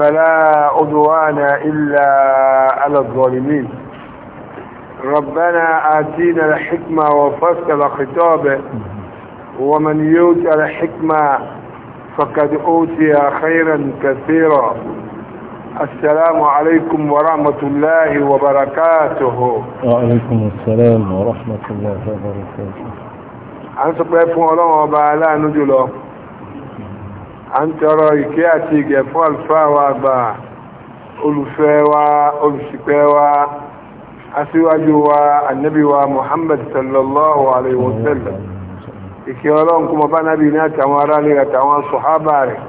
فلا عدوان إلا على الظالمين ربنا آتينا الحكمة وفصل خطابه ومن يؤتى الحكمة فقد أوتي خيرا كثيرا السلام عليكم ورحمة الله وبركاته وعليكم السلام ورحمة الله وبركاته أنا سأقول لكم الله a ń tọrọ ìkẹ́ àti ìgẹ̀ fún àlùfáà wa àgbà olùfẹ́ wa olùṣìpẹ̀ wa aṣíwájú wa annabi wa muhammad sallallahu alaihi wasallam ìkẹ́ ọlọ́run kúmọ̀ bá nábì ní àtàwọn ará lè àtàwọn sọ̀hábà rẹ̀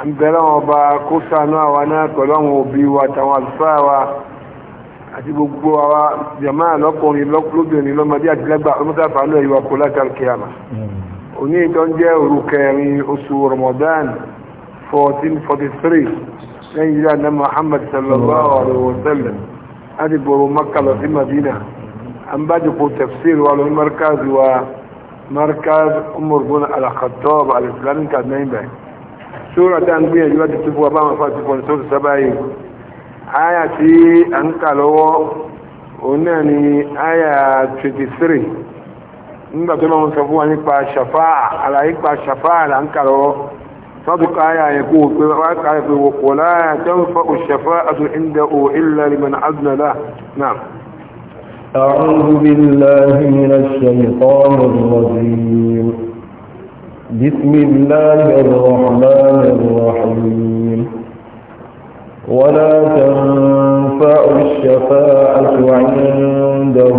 à ń bẹ̀rẹ̀ wọn bá kó sànú àwa náà pẹ̀lú òbí wa àtàwọn àlùfáà àti gbogbo àwa jàmáà lọ́kùnrin lóbìnrin lọ́mọdé àti lẹ́gbàá ọlọ́mọdé ẹ̀yọ́ kó òní ìtọ́ jẹ́ òru kẹrin oṣù Ramadan 1443 lẹ́yìn ìlà náà Muhammad sallallahu alaihi wa sallam láti gbòòrò Makka lọ sí Madina an bá jùpọ̀ tafsir wa lórí markaz wa markaz Umar bin al-Khattab al-Islamic adnainbai sóra tá ń gbìyànjú láti tó wa bá wọn fà ti fọ́n sábàáyé aya tí a kà lọ́wọ́ òun náà ni aya 23 nígbà tó lọ́wọ́ sọ fún wa nípa ṣàfáà àlàyé pa ṣàfáà là ń صدق آية يقول ولا تنفع الشفاعة عنده إلا لمن عدل له نعم أعوذ بالله من الشيطان الرجيم بسم الله الرحمن الرحيم ولا تنفع الشفاعة عنده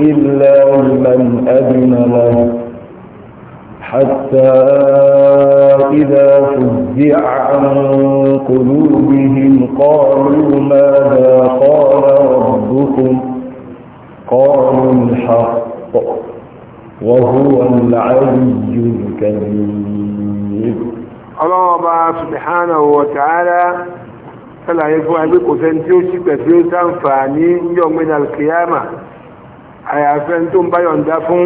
إلا من أذن له حتى إذا فزع عن قلوبهم قالوا ماذا قال ربكم قالوا الحق وهو العلي الكبير الله سبحانه وتعالى فلا يفعل بك tí ó ṣìpẹ̀ tí يوم القيامة àyàfẹ́ tó ń báyọ̀ ń dá fún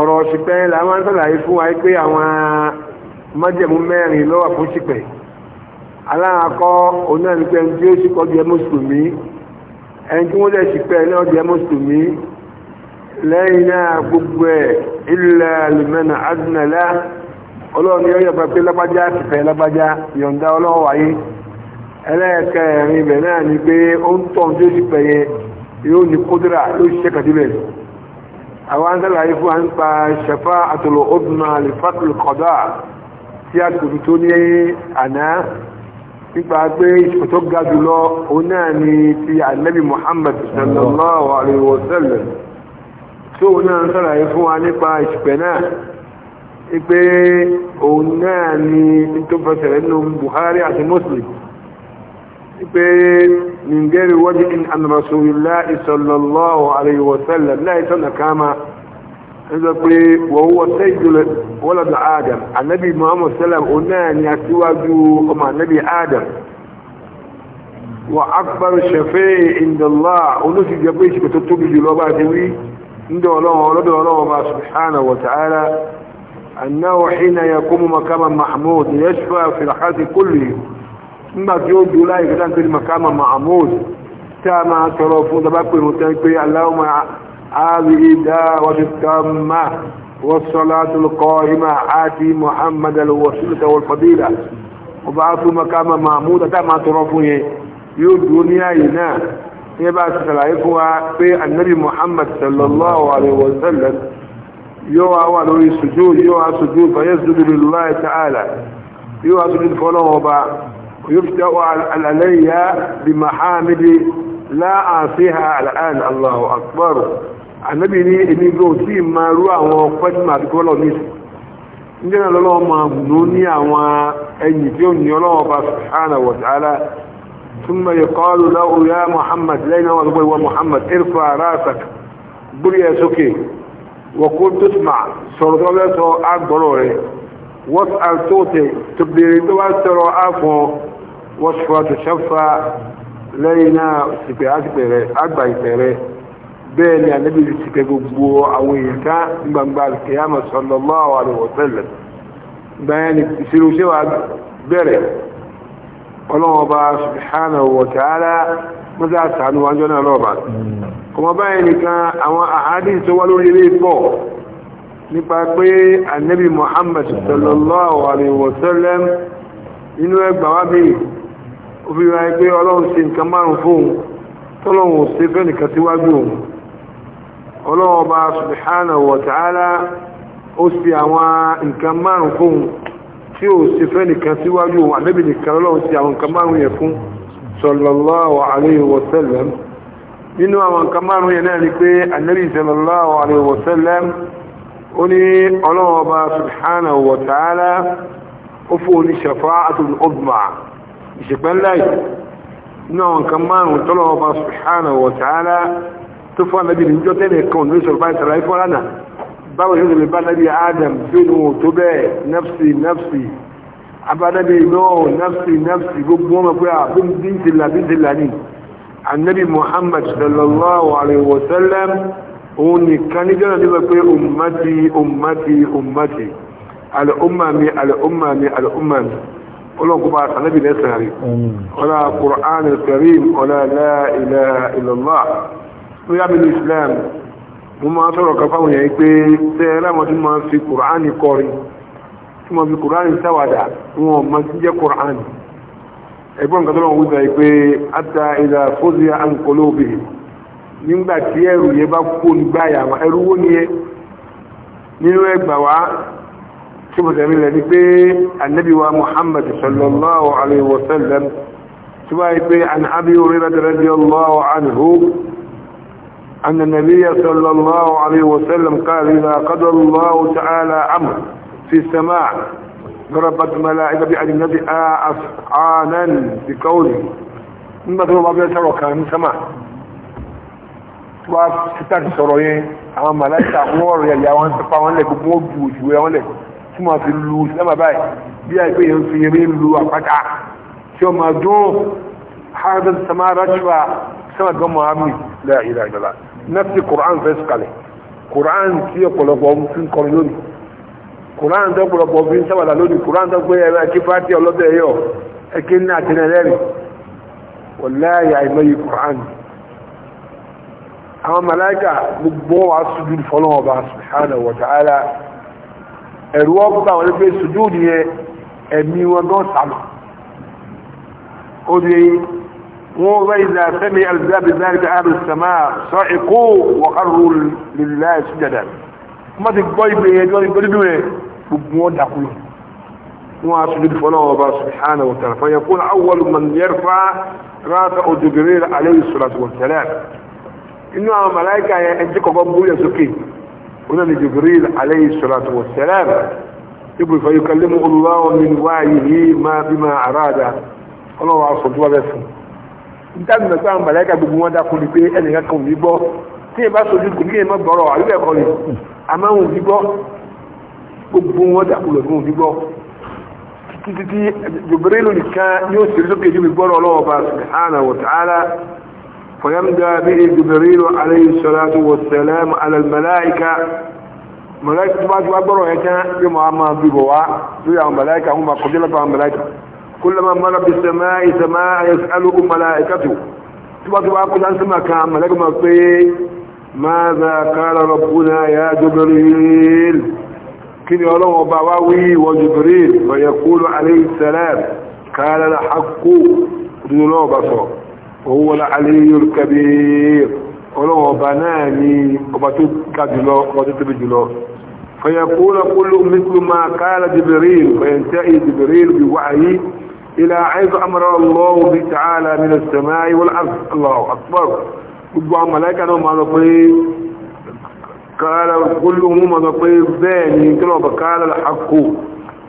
ọ̀rọ̀ ṣìpẹ̀ làwọn ń fún wa pé àwọn májẹ̀mú mẹ́rin ló wà fún ṣìpẹ̀ aláàkọ́ onáàlùpẹ̀ tí ó ṣìkọ́ jẹ́ mùsùlùmí ẹni tí wọ́n lẹ̀ ṣìpẹ̀ náà jẹ́ mùsùlùmí lẹ́yìn náà gbogbo ẹ̀ ilẹ̀ lùmẹ́nà adúnàlá ọlọ́run yóò ní kódírà yóò ṣiṣẹ́ kàdíbẹ̀ àwọn àǹdàlàyé fún àwọn pa ṣẹfà àtòlò ọdún alifatul kọdà tí a tòbi tó ní àná nípa pé ìṣòtò ga jùlọ òun náà ni ti ànábì muhammad sallallahu alaihi wa sallam tí òun náà ń sàlàyé fún wa nípa ìṣùpẹ̀ náà wípé òun náà ni tó fẹsẹ̀ nínú buhari àti muslim بي من غير وجه ان رسول الله صلى الله عليه وسلم لا يتنا كما اذا بي وهو سيد ولد ادم النبي محمد صلى الله عليه وسلم ان يسوى جو النبي ادم واكبر شفيع عند الله ونسي جبيش بتطبي جلوبا جوي عند الله ولد الله سبحانه وتعالى أنه حين يقوم مكان محمود يشفى في الحاس كله nígbà tí ó dúró láì kẹta pé makama mahmoud tí a máa tọrọ fún tọba pé mo tẹ́ pé aláwọ̀mọ̀ ààrí ìdá wàtí tàmà والصلاة القائمة آتي محمد الوسيلة والفضيلة وبعث مقام محمود تما ترفوه يو دنيا ينا يبا سلايكوا في النبي محمد صلى الله عليه وسلم يو أول السجود يو سجود فيسجد لله تعالى يو سجود فلوه يبدأ علي بمحامد لا أعصيها الآن الله أكبر النبي إني جوتي ما روى وقفت ما تقول الله نيس إننا لله ما بنوني أما أن يتيون يلوه سبحانه وتعالى ثم يقال له يا محمد لين والبي ومحمد ارفع راسك قل يا سكي وقل تسمع صرت الله سوء أكبروري واسأل توتي تبديري دوال ترى أفو wọ́n ṣe wá tó ṣọ́fà lẹ́yìn náà ṣìpẹ̀ àtìpẹ̀rẹ̀ àgbà ìpẹ̀rẹ̀ bẹ́ẹ̀ ni ànábì ṣìpẹ̀ gbogbo àwọn èèyàn ká gbangba kìyàmà sallallahu alaihi wasallam bẹ́ẹ̀ ni ìṣirò ṣe wà bẹ̀rẹ̀ ọlọ́wọ́ bá subhanahu wa ta'ala mọ́sá àtàánú wájọ́ náà lọ́ọ̀bà ọmọ báyìí nìkan àwọn àhádìí tó inú ẹgbàwá òfin ra ẹgbẹ́ ọlọ́run ṣe nǹkan márùn fóun tọ́lọ́run ò ṣe fẹ́ nìkan síwájú òun ọlọ́run ọba subhanahu wa ta'ala ó ṣe àwọn nǹkan márùn fóun tí ó ṣe fẹ́ nìkan síwájú òun ànábì nìkan lọ́lọ́run ṣe àwọn nǹkan márùn yẹn fún sallallahu alayhi wa nínú àwọn nǹkan márùn yẹn náà ni pé ànábì sallallahu alayhi wa ó ní ọlọ́run ọba subhanahu wa ta'ala ó fún oníṣàfáà àtúntò ọgbà ìṣẹ̀pẹ́láì ní àwọn kan márùn tọ́lọ̀ ọba subhanahu wa ta'ala tó fún àmẹ́bí ní jọ tẹ́lẹ̀ kan ní sọ̀rọ̀ báyìí tàbí fọ́lá náà báwo yóò lè bá nábì adam bínú tó bẹ́ẹ̀ nafsi nafsi abánábì náà nafsi nafsi gbogbo wọn pé àbí ah, bí ti là bí ti là ní annabi muhammad sallallahu alaihi wa sallam òun nìkan ní jọ́nà nípa pé ummati ummati ummati al'umma mi al'umma mi al'umma mi ọlọ́gbọ́n bá sàlẹ́bì lẹ́sẹ̀ rí ọlá Qur'an al-Karim ọlá la ilaha illallah tó yá bínú Islam mo máa sọ̀rọ̀ kan fáwọn èèyàn pé tẹ́ ẹlẹ́mọ̀ tí máa fi Qur'an kọrin tí máa fi Qur'an sáwàdà wọn máa ti jẹ́ Qur'an ẹgbọ́n kan tó lọ́wọ́ wíta pé ata ìdá fóṣìyà à kọlọ́ obìnrin nígbà tí ẹrù yẹn bá kó nígbà yà wọn ẹrú wó ni nínú ẹgbà wá tí mo tẹ̀mí lẹ́ni pé annabiwa muhammad sallallahu alaihi wasallam tí wáyé pé an abi hurairah radiyallahu anhu أن النبي صلى الله عليه وسلم قال إذا قضى الله تعالى أمر في السماء ضربت ملائكة بأن النبي أسعانا بقوله ما tí wọ́n bá bẹ́ sọ̀rọ̀ kan ní sánmà wá títà ti sọ̀rọ̀ yẹn àwọn màláìsà wọ́n rẹ̀ yà wọ́n sípa wọ́n tí wọ́n fi lu sẹ́mà báyìí bí i pé yẹn fi eré lu àpáta tí ó máa dún harvard samara tíwa sẹ́mà gan mohammed láìra ìgbàlá nẹ́fì koran fẹ́sì kalẹ̀ koran tí ọ̀pọ̀lọpọ̀ fi ń kọrin lónìí koran tó ọ̀pọ̀lọpọ̀ fi ń sábàdà lónìí koran tó pé ẹ̀rọ ẹ̀kí fàtí ọlọ́dẹ yọ ẹ̀kí ní àtẹnẹrẹ́rì wọ̀láyà ìmọ̀yì koran àwọn màláíkà gbogbo wa sùdúrù fọlọ́wọ́ bá subhanahu wa ta'ala ẹ̀rù ọkùnkà wọn pé sùjú nìyẹn ẹ̀mí wọn gan sàlù ó di wọn bá ìlà sẹ́mi alìsáàbì náà ká àrùn sàmà sọ èkó wọ̀kárù lílá ìsújàdà wọ́n ti gbọ́ ìgbé yẹn wọ́n ti gbọ́ nínú ẹ̀ gbogbo inú àwọn màláìka yẹn ẹjẹ kọ̀ọ̀kan bú yẹn sókè هنا جبريل عليه الصلاة والسلام يقول فيكلمه الله من وعيه ما بما أراد الله عز وجل بسم nta nínú ẹgbẹ́ àwọn mọ̀lẹ́kà gbogbo wọn dákun ní pé ẹnìkan kan ò ní gbọ́ tí ìbá sojú kò ní èèmọ̀ gbọ́rọ̀ àyùbẹ̀ kọ́ ni àmọ́ òun ní gbọ́ gbogbo wọn dákun lọ́dún òun ní gbọ́ títí títí Jibrilu nìkan yóò sì rí sókè ju mi gbọ́rọ̀ ọlọ́wọ́ bá subhanahu wa ta'ala فيمدى به جبريل عليه الصلاة والسلام على الملائكة ملائكة بعد وعبروا يتنا يوم عما بيبوا يوم ملائكة هم قدلة ملائكة كلما مر بالسماء سماء يسأله ملائكته تبقى تبقى قد أن كان ملائكة مقصي ماذا قال ربنا يا جبريل كن يولون وباواوي وجبريل فيقول عليه السلام قال الحق ابن الله بصر وهو العلي الكبير ولو بناني وبتوت فيقول كل مثل ما قال جبريل فينتهي جبريل بوعيه الى عز امر الله تعالى من السماء والارض الله اكبر كل ملائكه ما نطيب قال كل ما نطيب ثاني كل قال الحق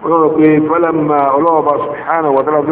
ونقي فلما الله سبحانه وتعالى في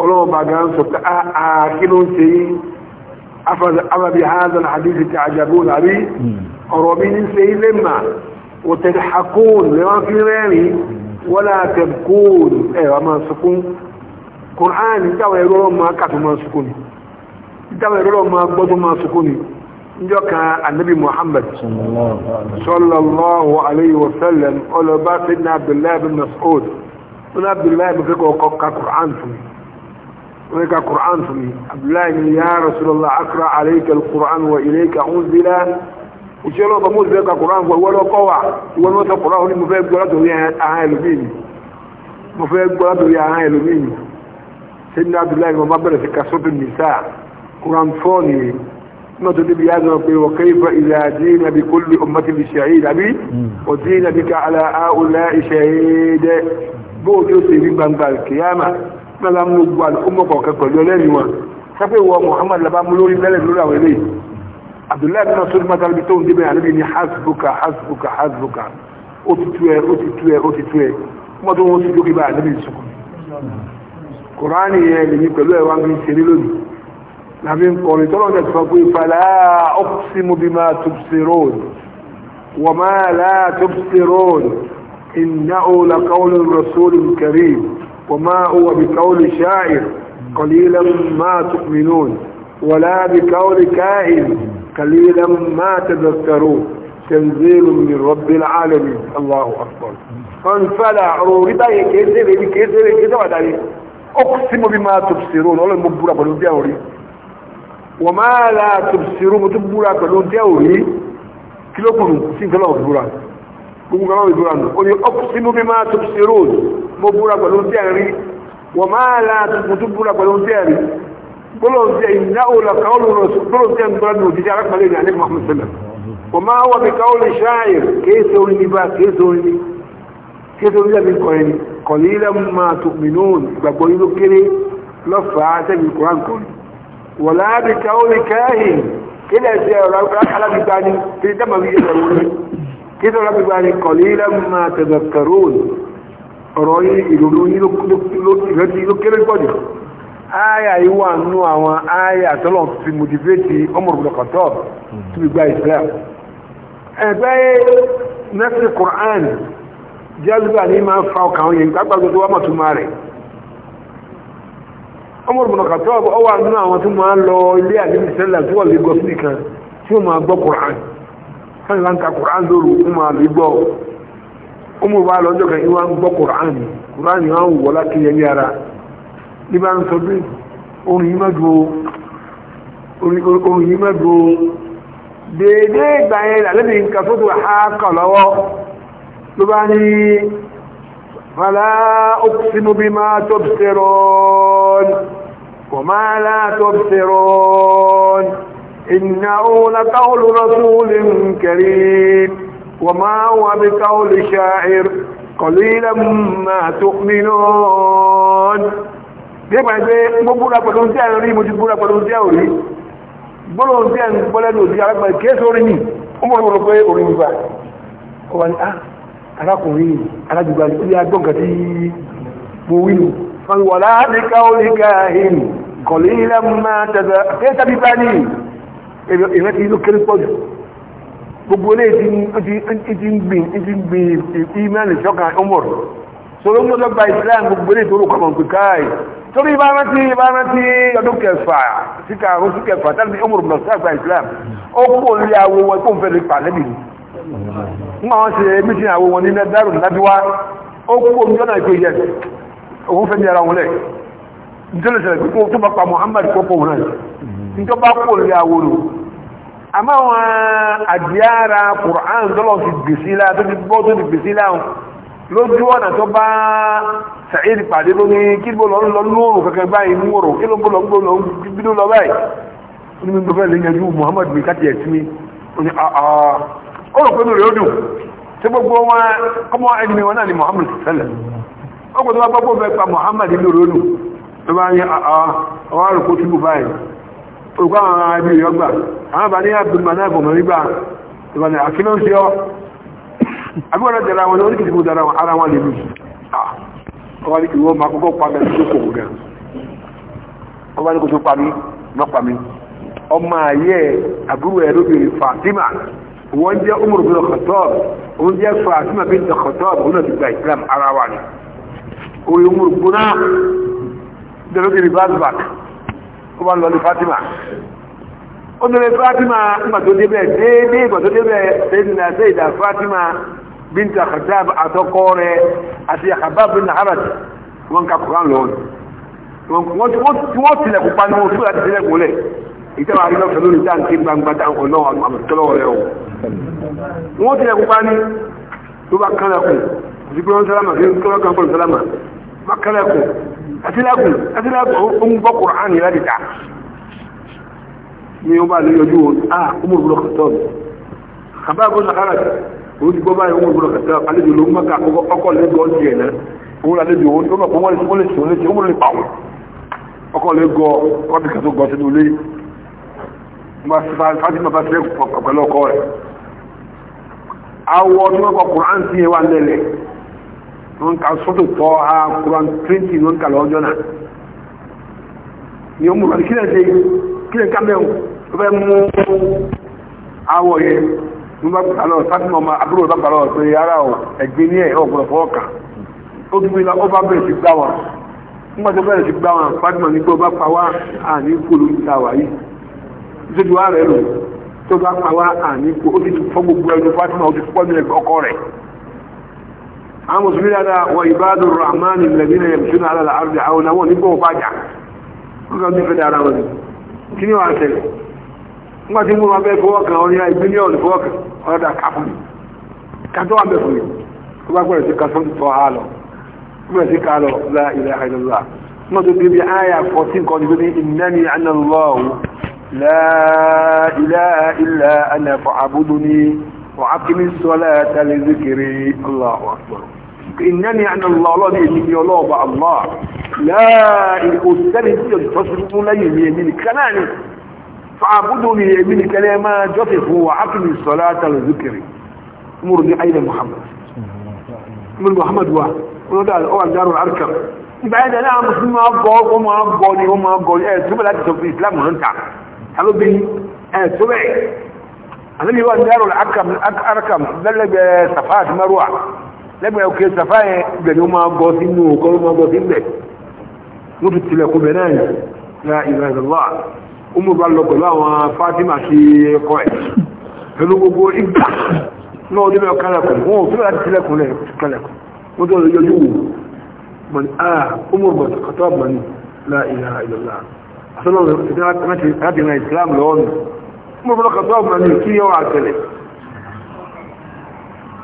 ọlọ́ọ̀bá gan sọ pé ààkí ah, ah, ló ń ṣe yí afẹ́bí haza alhadisi ti àjàgbó lárí hmm. ọ̀rọ̀ mi ní ṣe ilé mà ò tẹ̀lé hakun lẹ́wọ́n fi rẹ́rìn wọ́lá tẹ̀kún ẹ̀wà máa sọkún kùrán ìjáwẹ̀ ẹ̀rọ máa kàtó máa sọkún ni ìjáwẹ̀ ẹ̀rọ máa gbọ́dọ̀ máa sọkún ni níjọ́ kan annabi fún mi هناك قرآن فيه عبد الله بن يا رسول الله أقرأ عليك القرآن وإليك أنزل òṣèré ọba mọ́sí ẹ̀ka koran fún ẹwọ́ lọ́kọ́ wà ìwọ́n lọ́sọ koran ní mo fẹ́ gbọ́ látòrí àhán ẹlòmíì mo fẹ́ gbọ́ látòrí àhán ẹlòmíì sẹ́yìn náà abdullahi ni wọ́n bá bẹ̀rẹ̀ sí kasọ́tò nìsá koran fọ́ ni náà tó débi yára pé wọ́n kẹ́ ìfẹ́ ilẹ̀ àti nàbí kó lè ọmọ ti fi ṣàyè dàbí òtí nàbí ká àlà àhùlẹ̀ ìṣẹ̀yẹ dẹ bóòtú ó sì rí gbangba kìyàmà nígbà mú gbogbo àlùkùnmọ̀ kọ̀ọ̀kan pẹ̀lú ẹlẹ́rìí wọn sápẹ́ ìwọ Muhammad labá mú lórí bẹ́lẹ̀ lórí àwọn eléyìí Abdullahi bin Mas'ud mata bi tó ń débẹ̀ àlebi ní hasbuka hasbuka hasbuka ó ti tú ẹ ó ti tú ẹ ó ti tú ẹ kúmọ̀ tó wọ́n ti dókè bá àlebi sùkùn kùránì yẹn lèmi pẹ̀lú ẹ̀ wọn fi ń ṣeré lónìí làbí ń kọrin tọ́lọ́ ní ẹ̀sùn pé fàlà ọ́kùsímù bima tubsirun wa ma la tubsirun innahu laqawlu rasulin karim وما هو بقول شاعر قليلا ما تؤمنون ولا بقول كائن قليلا ما تذكرون تنزيل من رب العالمين الله أكبر فانفلع روردا يكيزر يكيزر يكيزر وداري أقسم بما تبصرون ولا مبورا بلو دوري وما لا تبصرون متبورا بلو دوري كيلو كنو gbogbo àwọn ìbúra nù ó ní ọ́pùsímú bí máa tó ṣe róòdù mo búra pẹ̀lú tí ẹ̀rí wọ́n máa la tuntun tó búra pẹ̀lú tí ẹ̀rí gbọ́lọ́n tí ẹ̀yìn náà ó lọ́ka ó lọ́rọ̀ gbọ́lọ́n tí ẹ̀gbọ́n ní òjijì arákùnrin ìrìn àní Muhammad sallam wọ́n máa wà bí káwọn lè ṣáàyè kéèsè orin ní bá kéèsè orin ní kéèsè orin lẹ́mí kọ́ ẹni kíso lábí gba ni qalilan ma tadhakkarun ọ̀rọ̀ yìí ìrònú yìí ló kéré gbọ́dọ̀ aya yìí wà nú àwọn aya tọ́lọ̀ fi motivate Umar ibn Khattab hmm. tó fi gba Islam ẹgbẹ́ nẹ́sì Qur'an jálùbà ní máa fa ọkàn àwọn yẹn gbàgbà gbogbo wàmà tó máa rẹ̀ Umar ibn Khattab ọwà nú wọ́n ìwà ń ka kùrán lóru fún máa lè gbọ́ ọmọ bá lọ́jọ́ kan ìwà ń gbọ́ kùrán ni kùrán ni wọ́n wọ̀ láti yẹ ní ara ní bá ń sọ pé orin yìí má dúró orin yìí má dúró dédé ìgbà yẹn lálẹ́ nǹkan tó ha kọ̀ lọ́wọ́ ló bá ní fàlà uqsimu bima tubsirun wa ma la tubsirun. إنه لقول رسول كريم وما هو بقول شاعر قليلا ما تؤمنون gbẹ́gbà ẹgbẹ́ gbogbo pẹ̀lú tí a ń rí mojú gbogbo pẹ̀lú tí a ò rí gbọ́nà tí a ń gbọ́lẹ̀ ní òsì arágbà kéèsì orí ní ọmọdé pé orí gbígbà ó wà ní arákùnrin alájùgbà ní agbọ́nkà tí mo wílù wọ́n wọ̀lá ìrẹ́ ti ló kéré pọ̀jù gbogbo ilé ti ń gbìn ti ń gbìn ìmẹ́lì ṣọ́kà umar sọ́rọ̀ mọ́ lọ́gbà islam gbogbo ilé ìtòrò kọmọ̀ pé káàì torí bá rántí bá rántí ọdún kẹfà síkà oṣù kẹfà tàbí umar bọ̀ sáàgbà islam ó kò lé awo wọn kó ń fẹ́ lè pa lẹ́bì nígbà wọn ṣe mítíni awo wọn ní dárò lábíwá ó kò ní ọ̀nà ìpè yẹ òun fẹ́ ní ara wọn lẹ̀ nítorí sẹ̀rẹ̀ pé tó bá pa muhammad kọ́kọ́ wọn náà nítorí bá kò lé awo àmọ́ àwọn àdìyára Qur'an tọ́lọ̀ fi gbèsè la tó ti bọ́ tó ti gbèsè la lójú ọ̀nà tó bá Sa'id pàdé lóní kí ló lọ lọ lóòrùn kankan báyìí mú òrùn kí ló ń bó lọ ń gbó lọ bí ló lọ báyìí ní mi bẹ́ẹ̀ lè yanjú Muhammad mi káti ẹ̀sìn mi ó ní àà ah, ah. ó rò pé mi rèé dùn tí gbogbo wọn kọ́mọ ẹni mi wọn náà ni Muhammad sẹ́lẹ̀ ó kò tó bá gbogbo bẹ́ẹ̀ pa Muhammad mi rèé dùn tó bá ní àà ọwọ́ àrùkó túbù báyìí olùkọ́ àwọn ẹbí rẹ̀ ọgbà àwọn bá ní abdulmanaf ọmọ nígbà ìbànú àkílọ́ sí ọ́ àbúrò dára wọn lórí kìtìkù dára wọn ara wọn lè lù ọwọ́ ní kìí wọ́n máa kọ́kọ́ pàmẹ́ tó kò rẹ̀ ọwọ́ ní kò tó pàmí mọ́pàmí ọmọ ayé àbúrò ẹ̀ lóbìnrin Fatima wọ́n jẹ́ Umar bin Khattab wọ́n jẹ́ Fatima bin Khattab wọ́n náà ti gba Islam ara wa ni orí Umar gbóná dẹ̀lóbìnrin bá zbak ó lọ ní Fatima obìnrin fatima ìgbà tó débẹ̀ déédéé ìgbà tó débẹ̀ sẹ́yìnà sẹ́yìnà fatima binta khatab àtọkọ rẹ̀ àti àkàbáb bin harat wọn ka kuran lọ wọn tilẹ̀ kópa ní wọn fúlà tilẹ̀ kólẹ̀ ìtẹ́wà àríwá pẹ̀lú ní táǹkì gbangba táǹkì náà àmọ̀tọ́lọ́ rẹ̀ o wọn tilẹ̀ kópa ní tó bá kánlẹ̀ kù ìdíkùn wọn sálámà fi ń tọ́lọ́ kan pẹ̀lú sálámà má kánlẹ̀ kù àtìlẹ́kù àtìlẹ́kù ó ń gbọ́ kuran yìí láti ta ní ó bá lè yọjú wọn ah ọmọ òbúrò kàtọ́ mi àbá àgbọ̀nà ara rẹ̀ òun ti gbọ́ báyìí ọmọ òbúrò kàtọ́ àlejò ló ń mọ́ka ọkọ̀ lẹ́gọ́ ti ẹ̀ náà òun àlejò òun tó mọ̀ pé wọ́n lè sọ lè sọ wọ́n lè pàwọ́ ọkọ̀ lẹ́gọ́ wọ́n ti kàtó gọ́ sínú ilé fatima bá fẹ́ pẹ̀lú ọkọ rẹ̀ awọ tí sọ́tò tọ́ kí ni ká mẹ́wọ̀n tó fẹ́ mú awọ yẹn mo bá gbà lọ sábì mọ́ àbúrò bá gbà lọ pé ara ọ̀ ẹ̀gbin ní ẹ̀ ọ̀gbọ̀n fọwọ́ kà ó dúró ilá ó bá bẹ̀rẹ̀ sí gbá wa nígbà tó bẹ̀rẹ̀ sí gbá wa Fatima ní pé ó bá pa wá àní kó ló ń ta wà yìí nítorí wàá rẹ̀ lò tó bá pa wá àní kó ó ti fọ́ gbogbo ẹnu Fatima ó ti fọ́ ní ọkọ rẹ̀ àwọn mùsùlùmí dáadáa wọ ìbádùn Rahman ìlẹ̀bí náà yẹ̀ kí ni wàá tẹ̀lé nígbà tí mo máa bẹ́ fọwọ́ kan ọ̀rẹ́ ìbílíọ̀nù fọwọ́ kan ọ̀rẹ́dà kápù mi kájọ́ wà bẹ̀ fún mi tó bá gbọ́dọ̀ sí ká sọ́dún tọ́ ha lọ gbọ́dọ̀ sí ká lọ la ilaha illallah nígbà tó débi àyà fourteen kan níbi ní ìnáni anallahu la ilaha illa ana ìnáni àná lọ́ọ̀lọ́ọ̀lọ́ èmi ni ọlọ́ọ̀bà allah láàrín òṣìṣẹ́ni tí yóò tọ́sí fún lẹ́yìn mi èmi nìkan náà ni fàbúdó mi èmi nìkan náà máa jọ́sìn fún wa ákìlì sọ́lá tàlù zikiri múrù ní ayé muhammad múrù muhammad wa wọ́n dá ọwà dárò arkam ìgbà yẹn náà musulmi máa bọ́ ó máa bọ́ ni ẹ̀ tó bẹ̀ láti sọ fún islam náà ẹ̀ tó bẹ̀ àlejò wà dárò arkam lẹ́lẹ́gbẹ̀ẹ́ safat lẹ́gbẹ̀ẹ́ òkè sàfà yẹn ibẹ̀ ni ó máa gọ sínú òkọ́ ló máa gọ sí ibẹ̀ ló fi tilẹ̀kùn bẹ̀ náà yìí ya ìrẹsìlá umu bá lọ pẹ̀lú àwọn Fatima sí ẹkọ ẹ̀ pẹ̀lú gbogbo ìgbà náà ó débẹ̀ kálẹ̀kùn wọn ò fẹ́ láti tilẹ̀kùn rẹ̀ kálẹ̀kùn wọ́n tó lọ yọjú wò mọ̀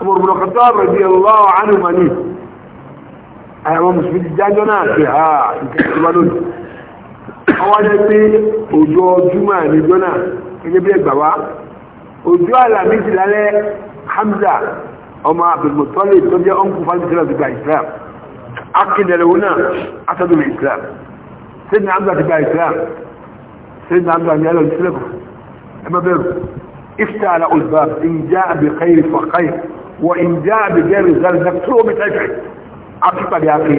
Umar bin Khattab radiyallahu anhu mani àwọn mùsùlùmí jájọ́ náà ti ha ìkẹsìwá lónìí ọwọ́ jẹ́ pé òjò júmọ̀ ní jọ́nà gẹ́gẹ́ bí ẹgbà wá òjò àlàmísì lálẹ́ Hamza ọmọ abdulmutali tó jẹ́ ọmọ fásitì ti gba Islam akíndẹ̀lẹ̀wò náà asadu Islam sẹ́ni Hamza ti gba Islam sẹ́ni Hamza ní alọ́ ìsìlẹ̀kù ẹ ifta ala olùbá ìjà àbẹ̀kẹ́ ìfọ̀kẹ́ wọ ìjá àbìjẹ́rì ìzàlẹ̀ tó omi tẹ́fẹ̀ afípàdé afẹ́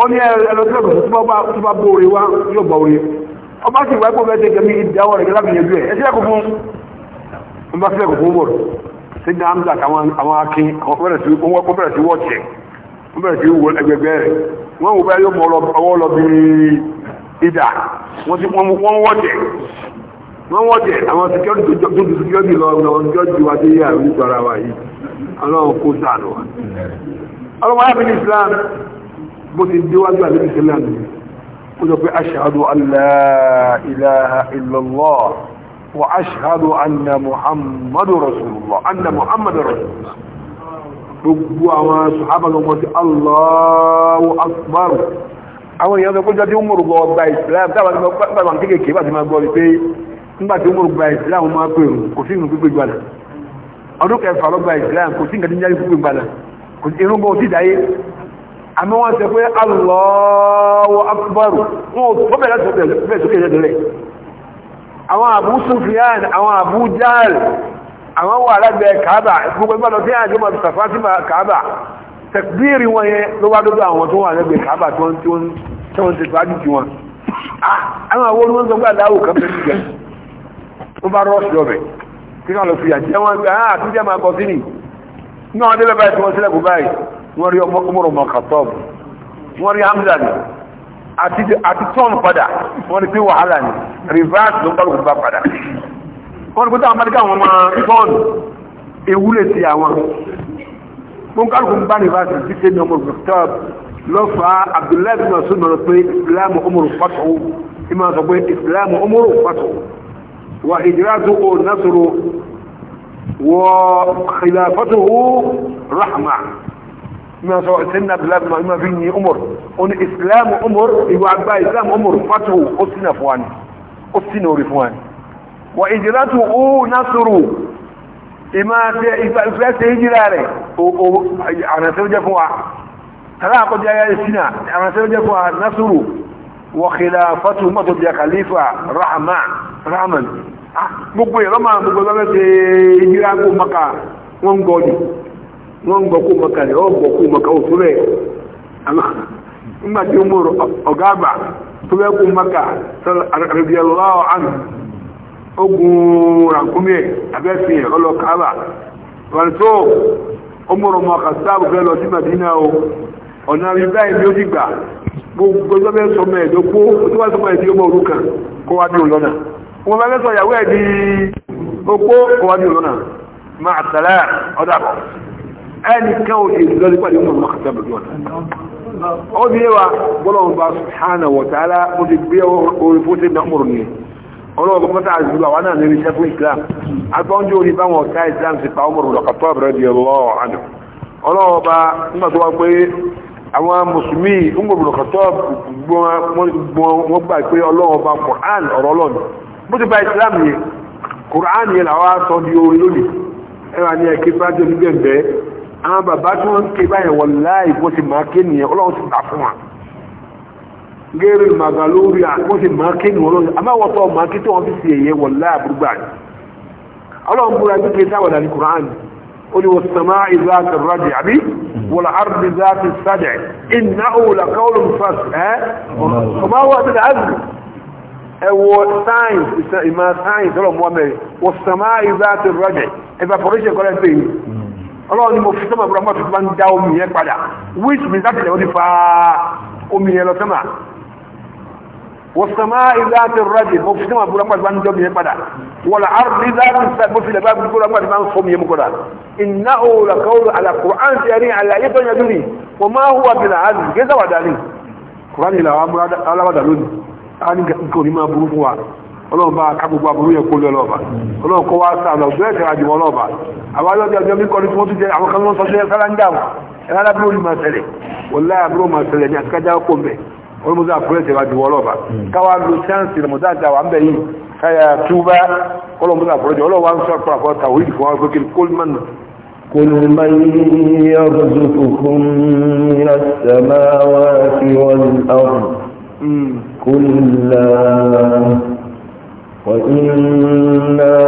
ó ní ẹlọ́tọ́lọ́gbọ̀ tó bá bóore wá yóò bọ̀ orí ọba sì wá ẹgbọ́n mẹ́tẹ́ gẹ̀mí ìdáwọ̀ rẹ̀ lábìyànjú ẹ̀ ẹ̀sílẹ̀kù fún un bá sílẹ̀kù fún bọ̀ sí ní amza àwọn akin àwọn bẹ̀rẹ̀ sí wọ́ọ̀tì wọ́n bẹ̀rẹ̀ sí wọ ẹgbẹ̀gbẹ̀ rẹ̀ wọ́n wọ bá yóò mọ ọwọ́ lọ bí ìdà wọ́n wọ́ọ̀tì wọ́n wọ́n tẹ̀ àwọn security tó ti security lọ àwọn security wa ti yé àwọn ìjọ ara wa yìí ọlọ́run kó sàánù wa ọlọ́run ayé bíi Islam bó ti déwájú àbí Islam ni ó sọ pé ashhadu an la ilaha illallah wa ashhadu anna muhammadu rasulullah anna muhammadu rasulullah gbogbo àwọn sùhábà lọ́wọ́ ti Allahu akbar àwọn nígbàtí ó mọ̀ gba ìsìláàmù máa pè rùn kò sí ìrùn pípé gbàdà ọdún kẹfà lọ gba ìsìláàmù kò sí ìgbàdí jáde pípé gbàdà kò sí irúgbọ́ ó sì dáyé àmọ́ wọ́n sọ pé Allahu Akbar wọn ò bẹ̀rẹ̀ sókè sókè lẹ́dẹ̀rẹ̀ àwọn Abu Sufyan ó bá rọ́ọ̀sì ọbẹ̀ kí ká lọ fi àjẹ́ wọn gbé ah àti jẹ́ máa kọ sí ni ní àwọn adébẹ̀ báyìí tí wọ́n sílẹ̀ kú báyìí wọ́n rí ọmọ ọmọ ọmọ kàtọ́ọ̀b wọ́n rí hamza ni àti tọ́ọ̀nù padà wọ́n rí pé wàhálà ni rivers ló ń bá lókun bá padà wọ́n rí pé táwọn amẹ́ríkà wọn máa tọ́ọ̀nù ewúlé ti àwọn mo kálukú bá rivers ti tẹ́ ní ọmọ kàtọ́ọ̀b lọ́fàá abdullahi bin masu nọ̀rọ̀ pé islam umuru fatu ìmọ̀ sọ pé islam umuru fatu وهجرته نصر وخلافته رحمة ما سواء سنة بلاد ما فيني أمر أن إسلام أمر يعبى إسلام أمر فتو أسنى فوان أسنى رفوان وإجراته نصر إما إفلاس هجراره أنا سوجة فوان ترى قد يا سنة أنا سوجة فوان نصر وخلافته مطلب يا خليفة رحمة gbogbo ẹ̀rọ máa gbogbo ẹgbẹ́ ṣe ìyíra kó maka wọ́n ń ni wọ́n ń kó maka maka rẹ̀ nígbàtí kó maka ogun ẹ̀ ọ̀nà ó ti gbogbo ẹjọ́ bẹ́ẹ̀ sọmọ ẹ̀ lókó tó wá sọmọ ẹ̀ sí ọmọ òrukàn kó wá bí òun lọ́nà wọn bá mẹ́sọ̀ ìyàwó ẹ̀ di kó wá bí lọ́nà máa ẹnìkan ò lè ọmọ àwọn mùsùlùmí ńgbòmùlùkọ̀tọ́ gbọ́n gbà pé ọlọ́run ọba Qur'an ọ̀rọ̀ ọlọ́run bó ti bá Islam yẹ Qur'an yẹ làwọn sọ di orin lónìí ẹwà ni ẹ̀kẹ́ bá àwọn bàbá tí wọ́n ń ké báyẹn wọ láì bó ti máa ọlọ́run ti gbà fún wa gẹ́rẹ́ ti قل والسماء ذات الرجع بي والعرض ذات السجع إنه لقول فصل وما هو هذا العزم هو ساينس ما ساينس الله مؤمن والسماء ذات الرجع evaporation kọ́lẹ̀ pé ọlọ́run ni mo fi sọ́mọ̀ bọ́lá mọ́ tuntun máa ń dá omi والسماء ذات الرجل مو في سما بولا بان جوب يبدا والارض ذات السقف في الباب بولا بان بان صوم يمكدا انه لقول على القران يعني على يدن يدني وما هو بالعز كذا ودالي قران لا امر على ودالون ان كوني ما بروفوا ọlọ́run bá kágbogbo àbúrú yẹn kó lọ lọ́ba ọlọ́run kó wá sáà lọ ọ̀dọ́ ẹ̀kẹ́ra jùmọ̀ lọ́ba àwọn alọ́dẹ ọjọ́ mi kọ́ ní tí wọ́n tún jẹ àwọn kan wọ́n sọ sí ẹ sáláńdà ẹ̀rọ alábúrò olùmọ̀sá àpúrẹ́sẹ̀ wájú ọlọ́ba káwà ló sáǹsì lọ́mọ̀sá àtàwà ń bẹ̀ yìí káyà túbá olùmọ̀sá àpúrẹ́sẹ̀ ọlọ́wà ń sọ àpúrà fọ́ta orí ìfọwọ́ pé kí kólmánù. قل من يرزقكم من السماوات والأرض قل الله وإنا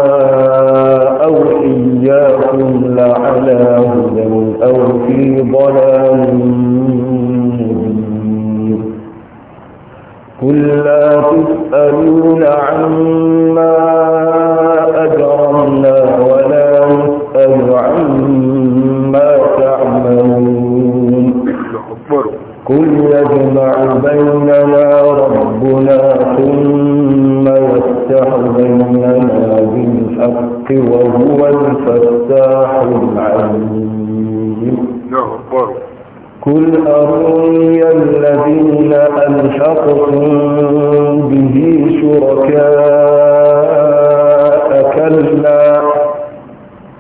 أو إياكم لعلى هدى أو في ضلال يسألون عما أجرمنا ولا نسأل عما تعملون قل يجمع بيننا ربنا ثم يفتح بيننا بالحق وهو الفتاح العليم قل أروني الذين ألحقتم به شركاء كلا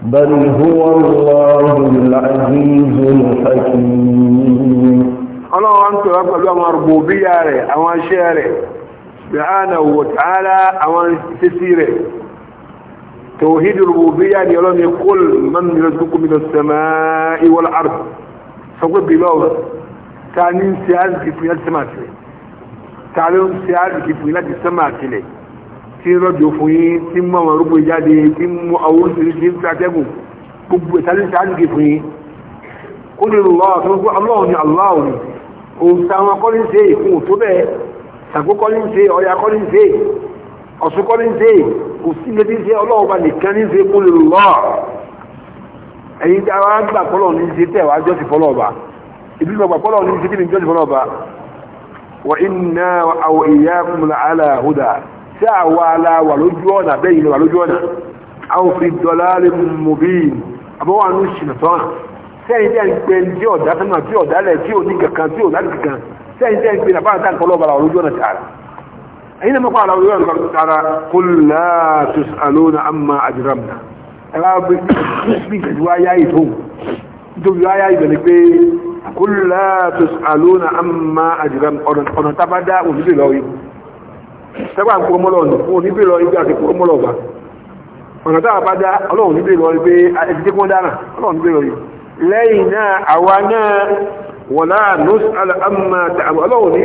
بل هو الله العزيز الحكيم قال وانت رب الأمر بوبي علي أوان شيري سبحانه وتعالى أوان سسيري توحيد الربوبية يقول من يرزقكم من السماء والأرض sọ pé beloved ta ní ń ṣe àríkì fún láti sẹ́mà sílẹ̀ ta ló ń ṣe àríkì fún láti sẹ́mà sílẹ̀ tí ń rọ̀jò fún yín tí ń mú àwọn arúgbó jáde tí ń mú àwọn oríṣiríṣi ń fàtẹ́gùn gbogbo ìta ló ń ṣe àríkì fún yín ó lè lọ àwọn tó ń gbọ́ aláwọ̀ ni aláwọ̀ ni òun táwọn kọ́ ní ṣe ìfún òtó bẹ́ẹ̀ Ṣàngó kọ́ ní ṣe Ọya kọ́ ní ṣe Ọ̀ṣun kọ́ ní ṣe kò sí ilé tí ń ṣe ọlọ́wọ́ bá nìkan ní ṣe kó lè lọ́ọ̀ ẹ̀yin tí a wá gbà pọ́lọ̀ ní ṣe tẹ́ wá jọ́sìn fọ́lọ̀ ọba ìbí gbà pọ́lọ̀ ní ṣe tẹ́ jọ́sìn fọ́lọ̀ ọba wà iná àwọ̀ ìyá kùnlá aláhùdà tí a wà aláwà lójú ọ̀nà bẹ́ẹ̀ ilẹ̀ wà lójú ọ̀nà àwọn fi dọ́lá lè mú bí abọ́wà ní ṣìnà tán sẹ́yìn tẹ́ ń pẹ́ tí ọ̀dá sánà tí ọ̀dá alábẹ́ bí ìtẹ̀jú wáyá ìtòhùn nítorí wáyá ìbẹ̀lẹ̀ pé kúlá tó àlónà àmà àjìrán ọ̀nà tábádá oníbẹ̀ lọ yìí sẹ́gbà kúrọmọ́lọ̀ fún oníbẹ̀ lọ ibi àti kúrọmọ́lọ̀ bá ọ̀nà tábádá ọlọ́run níbẹ̀ lọ ibi ẹ̀dẹ́ kún dára ọlọ́run níbẹ̀ lọ yìí lẹ́yìn náà àwa náà wọ̀n náà nọ́ọ̀sì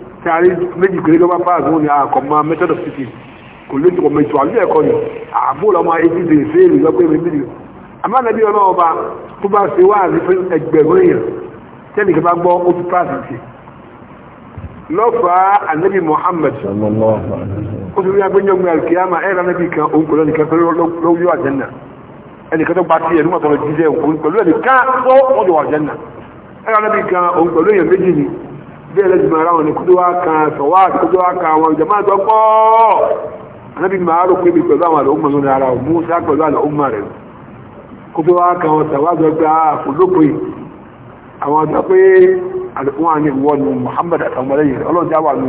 sáré méjì péré lọ́ba pass wọn ni àkọ́mọ method of teaching kò lè tó ọmọ a àlú ẹ̀kọ́ ni àbó lọ́mọ eighty days fẹ́ẹ̀lì lọ́pẹ́ mi méjì amánàbí ọlọ́wọ́ bá tó bá ṣe wá àrí fún ẹgbẹ̀rún èèyàn tẹ́lẹ̀ kí bá gbọ́ ó ti pass ti lọ́fàá anabi Muhammad ó ti rí agbẹ́nyọ́gbẹ́ alkiyama ẹ̀rọ anabi kan òun kò lọ́nìkan pẹ̀lú lọ́wọ́ àjẹ́nà ẹnìkan tó gba tí ẹ̀rú mọ̀tọ́rọ̀ jíjẹ́ òun pẹ̀lú ẹnìkan tó wọ́n lọ́wọ́ àjẹ́nà ẹ̀rọ anabi kan òun pẹ̀lú èèyàn méjì ni bẹ́ẹ̀ lẹ́jùmọ̀ ara wọn ni kúdó wá kan sọ̀wá kúdó wá kan àwọn ìjọba àti ọkọ̀ anábì máa rò pé mi pẹ̀lú àwọn àlọ́ ọmọ ara ò mú sá pẹ̀lú àlọ́ ọmọ rẹ̀ kúdó wá kan wọn sọ̀wá sọ pé ah, kò lópin àwọn ọjọ́ pé àlùkún wa ni ìwọ ni Muhammad àtàwọn yìí ọlọ́jà wà ní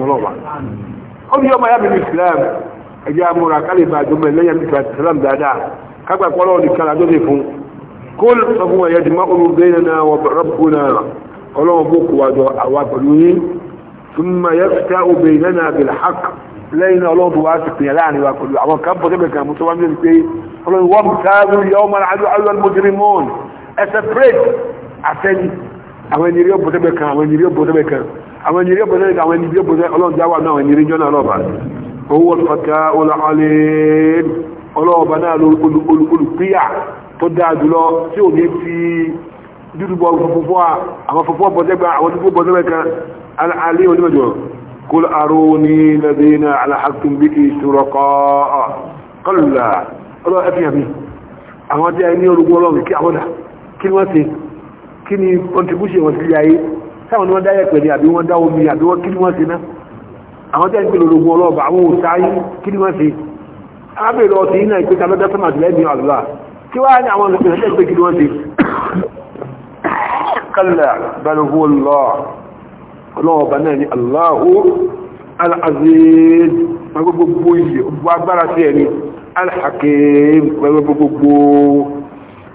ọlọ́wà ọlọ́wọ́ bó kó wájọ àwa pẹ̀lú yín thumma yafta'u baynana bil haqq lẹ́yìn ọlọ́wọ́ tó wá sí pìyàn láàrin wa pẹ̀lú àwọn kan bọ́ sẹ́bẹ̀ kan mú tó wá nílùú pé ọlọ́wọ́ wọ́n mú sáájú yawma al mujrimun ẹ separate àtẹ́ni àwọn ènìyàn yóò bọ́ sẹ́bẹ̀ kan àwọn ènìyàn yóò bọ́ sẹ́bẹ̀ kan àwọn ènìyàn yóò bọ́ dúdúbọ̀ fọ́fọ́ àwọn fọ́fọ́ bọ̀dẹ́gbà àwọn dúdúbọ̀ bọ̀dẹ́gbà kan alẹ́ onímọ̀jọ́ kul aruni ladina alhaqtum bihi shuraqaa qalla ọlọ́ ẹ̀fìn àmì àwọn tí a ní orúgbọ́ ọlọ́run kí àwọn dà kí wọ́n ti kí ni contribution wọn sí ilé ayé sáwọn ni wọ́n dáyẹ̀ pẹ̀lú àbí wọ́n dá omi àbí wọ́n kí ni wọ́n ti ná àwọn tí a ń pè lórúgbọ́ ọlọ́ọ̀bà àwọn òṣàáyí kí ni wọ́n ti ábẹ̀rẹ̀ ọtí iná ìpẹ́ta كلا بل هو الله الله بناني الله العزيز مغبوبوي وبارتيني الحكيم مغبوبو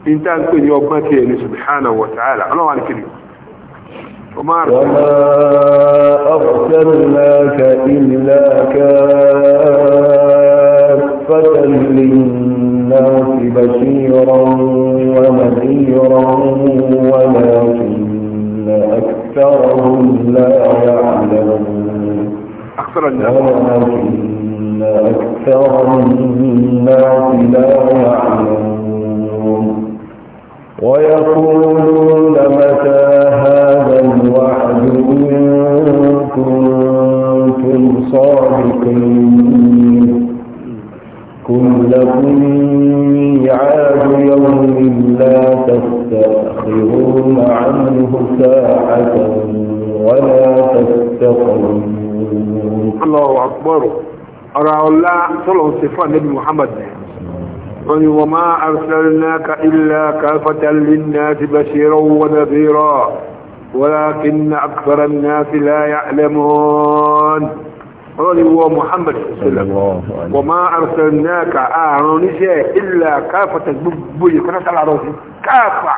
انت انت يوبتيني سبحانه وتعالى انا على كلمه وما أرسلناك إلا كافة للناس بشيرا ونذيرا ولكن أكثرهم لا يعلمون ولكن أكثرهم الناس لا يعلمون ويقولون متى هذا الوعد إن كنتم صادقين كلكم ميعاد يوم لا تستأخرون عنه ساعة ولا تستقرون الله أكبر أرى الله صلى الله عليه محمد وما أرسلناك إلا كافة للناس بشيرا ونذيرا ولكن أكثر الناس لا يعلمون ọlọ́ni wọ Muhammad wọ máa arṣẹ́ náà ka ààrùn oníṣẹ́ ilẹ̀ káfàtà gbogbo èèyàn pẹ́lẹ́ta láàrọ̀ sí káfà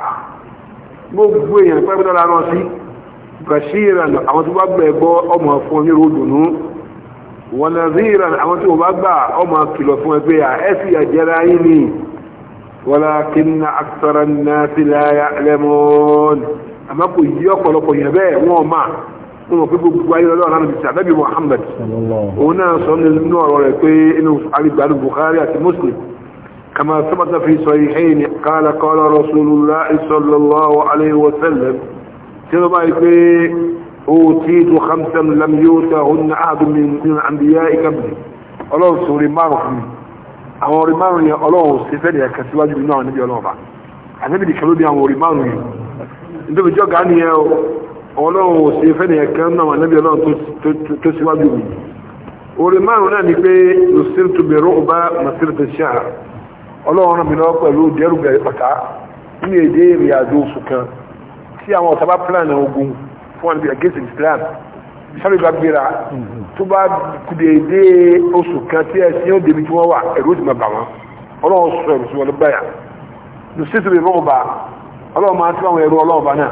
gbogbo èèyàn pẹ́lẹ́ta láàrọ̀ sí bashiran àwọn tó bá gbẹ̀ gbọ́ ọmọ fún ní ròdùnú wọn naziran àwọn tó bá gbà ọmọ kìlọ̀ fún ẹgbẹ́ à ẹ́sì àjẹrà yìí ni walakinna akthara an-nasi la ya'lamun àmọ́ kò yí ọ̀pọ̀lọpọ̀ yẹn bẹ́ẹ̀ wọ́n máa wọn pé gbogbo ayé ọlọ́run láti ṣe àbẹ́bí Muhammad òun náà sọ nínú ọ̀rọ̀ rẹ̀ pé inú alìgbàlù Bukhari àti Muslim kama sábàtà fi sọ ihe ni kala kala Rasulullah sallallahu alaihi wasallam tí ó bá pé ó tí tó hamsan lam yóò ta hun na ahadun min anbiya ikabri ọlọ́run ò sí fẹ́ni ẹ̀kan náà níbi ọlọ́run tó síwájú mi orí márùn náà ni pé lucille tó bẹ̀rù ọba masir tó ṣe àrà ọlọ́run rán mi lọ pẹ̀lú dẹ́rùbẹ̀ ọ̀tá ní èdè ìrìn àjò oṣù kan tí àwọn ọ̀tá bá plan ogun fún wọn against Islam sáré bá gbéra tó bá kùdé èdè oṣù kan tí ẹ̀sìn ó débi tí wọ́n wà ẹ̀rú ti máa bà wọ́n ọlọ́run sọ ẹ̀rù sí wọn lọ báyà lucille tó bẹ̀rù ọba ọlọ́run máa tí àwọn ẹ̀rú ọlọ́run bá náà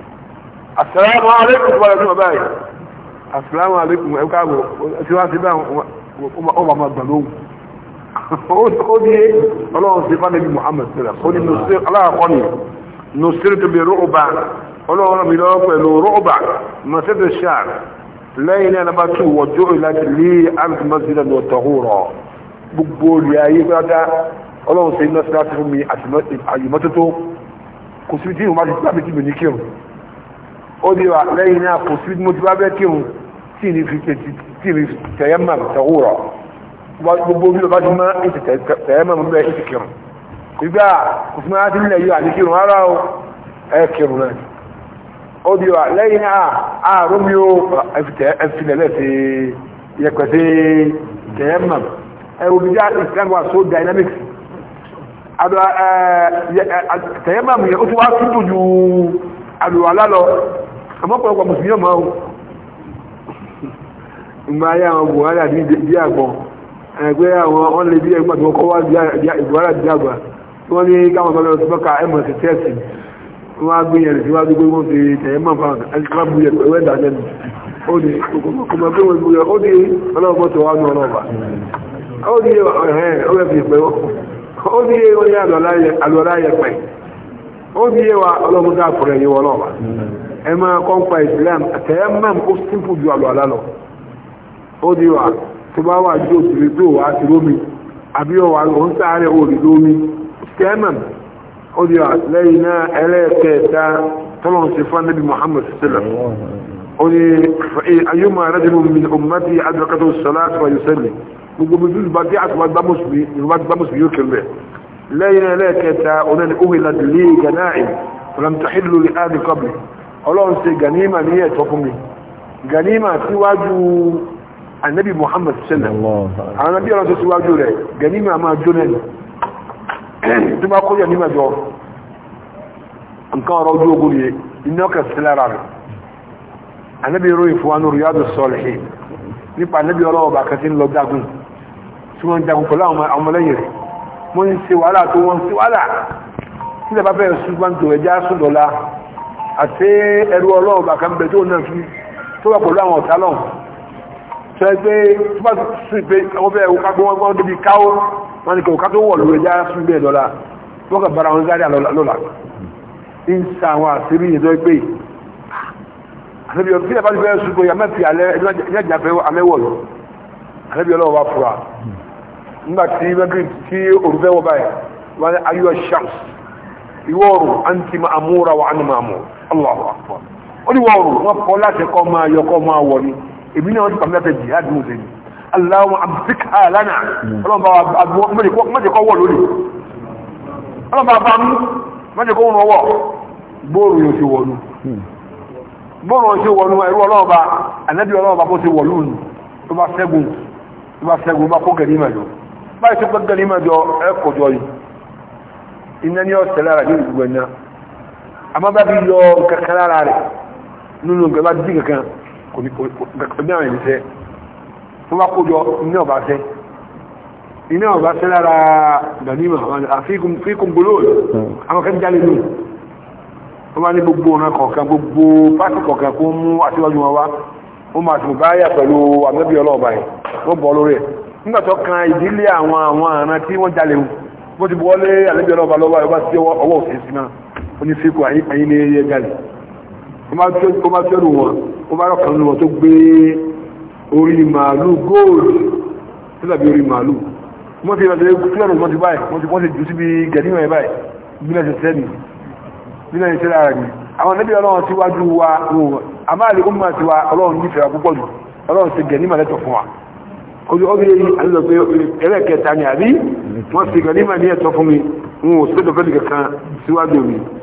asalaamu aleykum wàllu ẹ̀sìn bàbá yìí asalaamu aleykum ẹ̀ka àbò ẹ̀sìn wá sí bá ọ bàbá gbàlóhùn ó di ọlọ́run sí fánẹ́bí Muhammad sẹ́lẹ̀ ó ní aláàkọ́ ni nùsírì tó bẹ̀rù ọba ọlọ́run mi lọ́wọ́ pẹ̀lú rọ́ọ̀bà mọ̀sẹ́dẹ̀ ṣáà lẹ́yìn náà nàbà tún wọ̀jọ́ ìlàjì lé àǹtí mọ́sílẹ̀ ní ọ̀tọ̀hún rọ̀ gbogbo olè ayé gbádá ọlọ́run sí mọ́sílẹ̀ fún mi àti àyùmọ́tótó kò sí tí máa ti gbàgbé tí ní kírun ó di wa lẹ́yìn náà kò sí mo ti wá bẹ́ẹ̀ kírun tí ní fi tẹ̀yẹ́ mọ̀ tẹ̀wúrọ̀ gbogbo bí o bá ti mọ́ ètò tẹ̀yẹ́ mọ̀ bẹ́ẹ̀ ètò kírun ìgbà kò sí máa ti nílẹ̀ yìí àti kírun ara o ẹ kírun náà ó di wa lẹ́yìn náà àárọ̀ mi ó ẹ̀fìlẹ̀ lẹ́sẹ̀ yẹpẹ̀sẹ̀ tẹ̀yẹ́ mọ̀ ẹ̀rọ bí já Islam wa so dynamic tẹ̀yẹ́ mọ̀ yẹ ó ti wá tútù ju àlùwàlá lọ àmọ́ pọ̀lọpọ̀ mùsùlùmí ọmọ ma ìgbà ayé buhari àti bí àgbọn ẹgbẹ́ àwọn wọn buhari àti àgbà tí wọ́n ní káwọn ọmọ ọmọ ká ẹmọ sí tẹ́ẹ̀sì wọn á gbìyànjú sí wájú pé wọ́n fi tẹ̀yẹ mọ̀ fáwọn ẹni tí wọ́n ma yẹn pẹ̀lú ẹ̀dá lẹ́nu ó di kòmọ̀ pé yẹn ó di nù ó di ó yẹ fi ó di ó yẹ ẹ máa kọ́ ń pa islam àtẹ̀yẹ́mọ̀m ó simple ju àlọ́ àlá lọ ó di wa tó bá wà ju òsèré tó wà á ti rómi àbí ọ̀wà ó ń sáré òòlì lómi tẹ́mọ̀m ó di wa lẹ́yìn náà ẹlẹ́ẹ̀kẹta tọ́lọ̀ ń ṣe fún anábì muhammad sallam ó ní ayọ́mọ̀ arájẹ́nu min ummati adrakatu salatu wa yusalli gbogbo bí bá dé àtúwà gbámọ̀sùn yóò kẹrẹ lẹ́yìn ẹlẹ́ẹ̀kẹta onáni ó hìlá dìlé gẹ̀náà ìm fọlọ́mtàhìlú lè áàdì ọlọ́run ṣe ganima ní ẹ̀tọ́ fún mi ganima síwájú anabi muhammad sallam àwọn anabi ọlọ́run tó síwájú rẹ̀ ganima máa jóná ni tó bá kó ganima jọ nǹkan ọ̀rọ̀ ojú ogun yìí iná kà sí lára rẹ̀ anabi ròyìn fún wa ní riyadu sọlẹ̀ nípa anabi ọlọ́run bá kàtí ń lọ jagun tí wọ́n jagun pẹ̀lú àwọn ọmọlẹ́yìn rẹ̀ wọ́n ń ṣe wàhálà tó wọ́n ń ṣe wàhálà àti ẹrú ọlọ́run bàkà ń bẹ tó náà fi tó wà pẹ̀lú àwọn ọ̀tá lọ́n tó ẹ pé tó bá sì pé wọ́n fẹ́ òkà gbọ́n gbọ́n débi káwó wọn ni kò ká tó wọ̀ lórí ẹja sún bẹ́ẹ̀ lọ́la wọ́n kà bára wọn sáré lọ́la ń sa àwọn àṣírí yẹn tó ẹ pé àṣẹbíyọ bí ẹ bá ti fẹ́ sùn pé àmẹ́ fi alẹ́ ẹ̀jẹ̀ fẹ́ amẹ́wọ̀ lọ àṣẹbíyọ lọ́wọ́ bá fura nígbà tí mẹ́gírì tí òrùfẹ́ wọ báyìí wọ́n ní ayọ́ Allahu akbar ó ní wọ́ọ̀rù wọ́n kọ́ láti kọ́ máa yọ kọ́ máa wọ̀ ni èmi náà wọ́n ti pàmì láti jihad mú sẹ́ni Allahumma amsikha lana ọlọ́mọba àbúrò mọ́jẹ̀ kọ́ wọ̀ bá mú mọ́jẹ̀ kọ́ wọ̀ yóò ṣe wọ̀nú yóò ṣe wọ̀nú ànábì ṣe bá ṣẹ́gun bá ṣẹ́gun bá kó gẹ̀rí mẹ́jọ báyìí mẹ́jọ ẹ̀kọ́jọ yìí àmọ́ bá bí yọ kankan lára rẹ̀ nínú nǹkan bá dín kankan kò ní kankan ní àwọn ìṣẹ́ tó bá kójọ iná ọba ṣẹ́ iná ọba ṣẹ́ lára ganima àfikún gbóló àwọn kan jáde nù wọ́n bá ní gbogbo ọ̀nà kọ̀ọ̀kan gbogbo pátì kọ̀ọ̀kan kó mú àtiwájú wọn wá wọ́n máa tún báyà pẹ̀lú àmẹ́bí ọlọ́ọ̀bá yìí wọ́n bọ̀ lórí ẹ̀ nígbà tó kan ìdílé àwọn àwọn ti bọ́ lé àmẹ́bí ọlọ́ọ̀bá lọ́wọ́ ẹ̀ sí ọwọ́ òfin sí náà oní fíkù àyín ní eré ẹgbẹ́ rẹ̀ ó máa fẹ́rù wọn ó bá rọ̀kan lọ́wọ́ tó gbé orí màálù góòlù tó dàbí orí màálù wọ́n ti rẹ̀ fúlẹ̀rù wọ́n ti báyìí wọ́n ti wọ́n ti jù síbi gẹ̀díwọ̀n ẹ̀ báyìí bílẹ̀ ṣe sẹ́ni bílẹ̀ ṣe ara mi àwọn nẹ́bí ọlọ́run ti wájú wa àmáàlì ó máa ti wa ọlọ́run nífẹ̀ẹ́ púpọ̀ jù ọlọ́run ti gẹ̀díwọ̀n lẹ́tọ̀ fún wa ojú ọgbẹ́ yìí alẹ́lọ́gbẹ́ ẹlẹ́kẹta ni àbí wọ́n ti gẹ̀díwọ̀n ní ẹ̀tọ́ fún mi wọn ò sí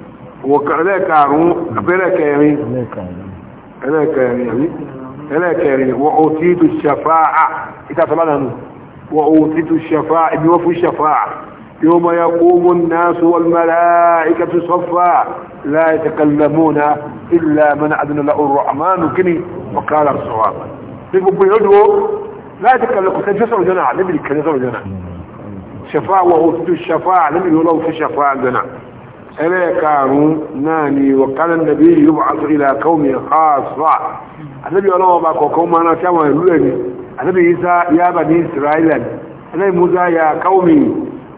وكذلك يعني، يعني، يعني، وأوتيت الشفاعة إذا الشفاعة الشفاعة يوم يقوم الناس والملائكة صفا لا يتكلمون إلا من أذن له الرحمن كني وقال الصواب يقول بيدو لا يتكلم جسر جناح لم يتكلم جناح شفاعة وأوتيت الشفاعة لم يلو في شفاعة جناح ẹlẹ́ẹ̀kaàrún náà ni wọ̀kánà nàbí yóò bá aṣọ ilẹ̀ akọ́wọ̀mí ọ̀hásọ́à àtẹ́bí ọlọ́wọ́ bá kọ̀ọ̀kan máa náà sáwọn ìlú ẹni àtẹ́bí isa yaba ní israẹli ẹlẹ́yìn musa ya akọ́wọ̀mí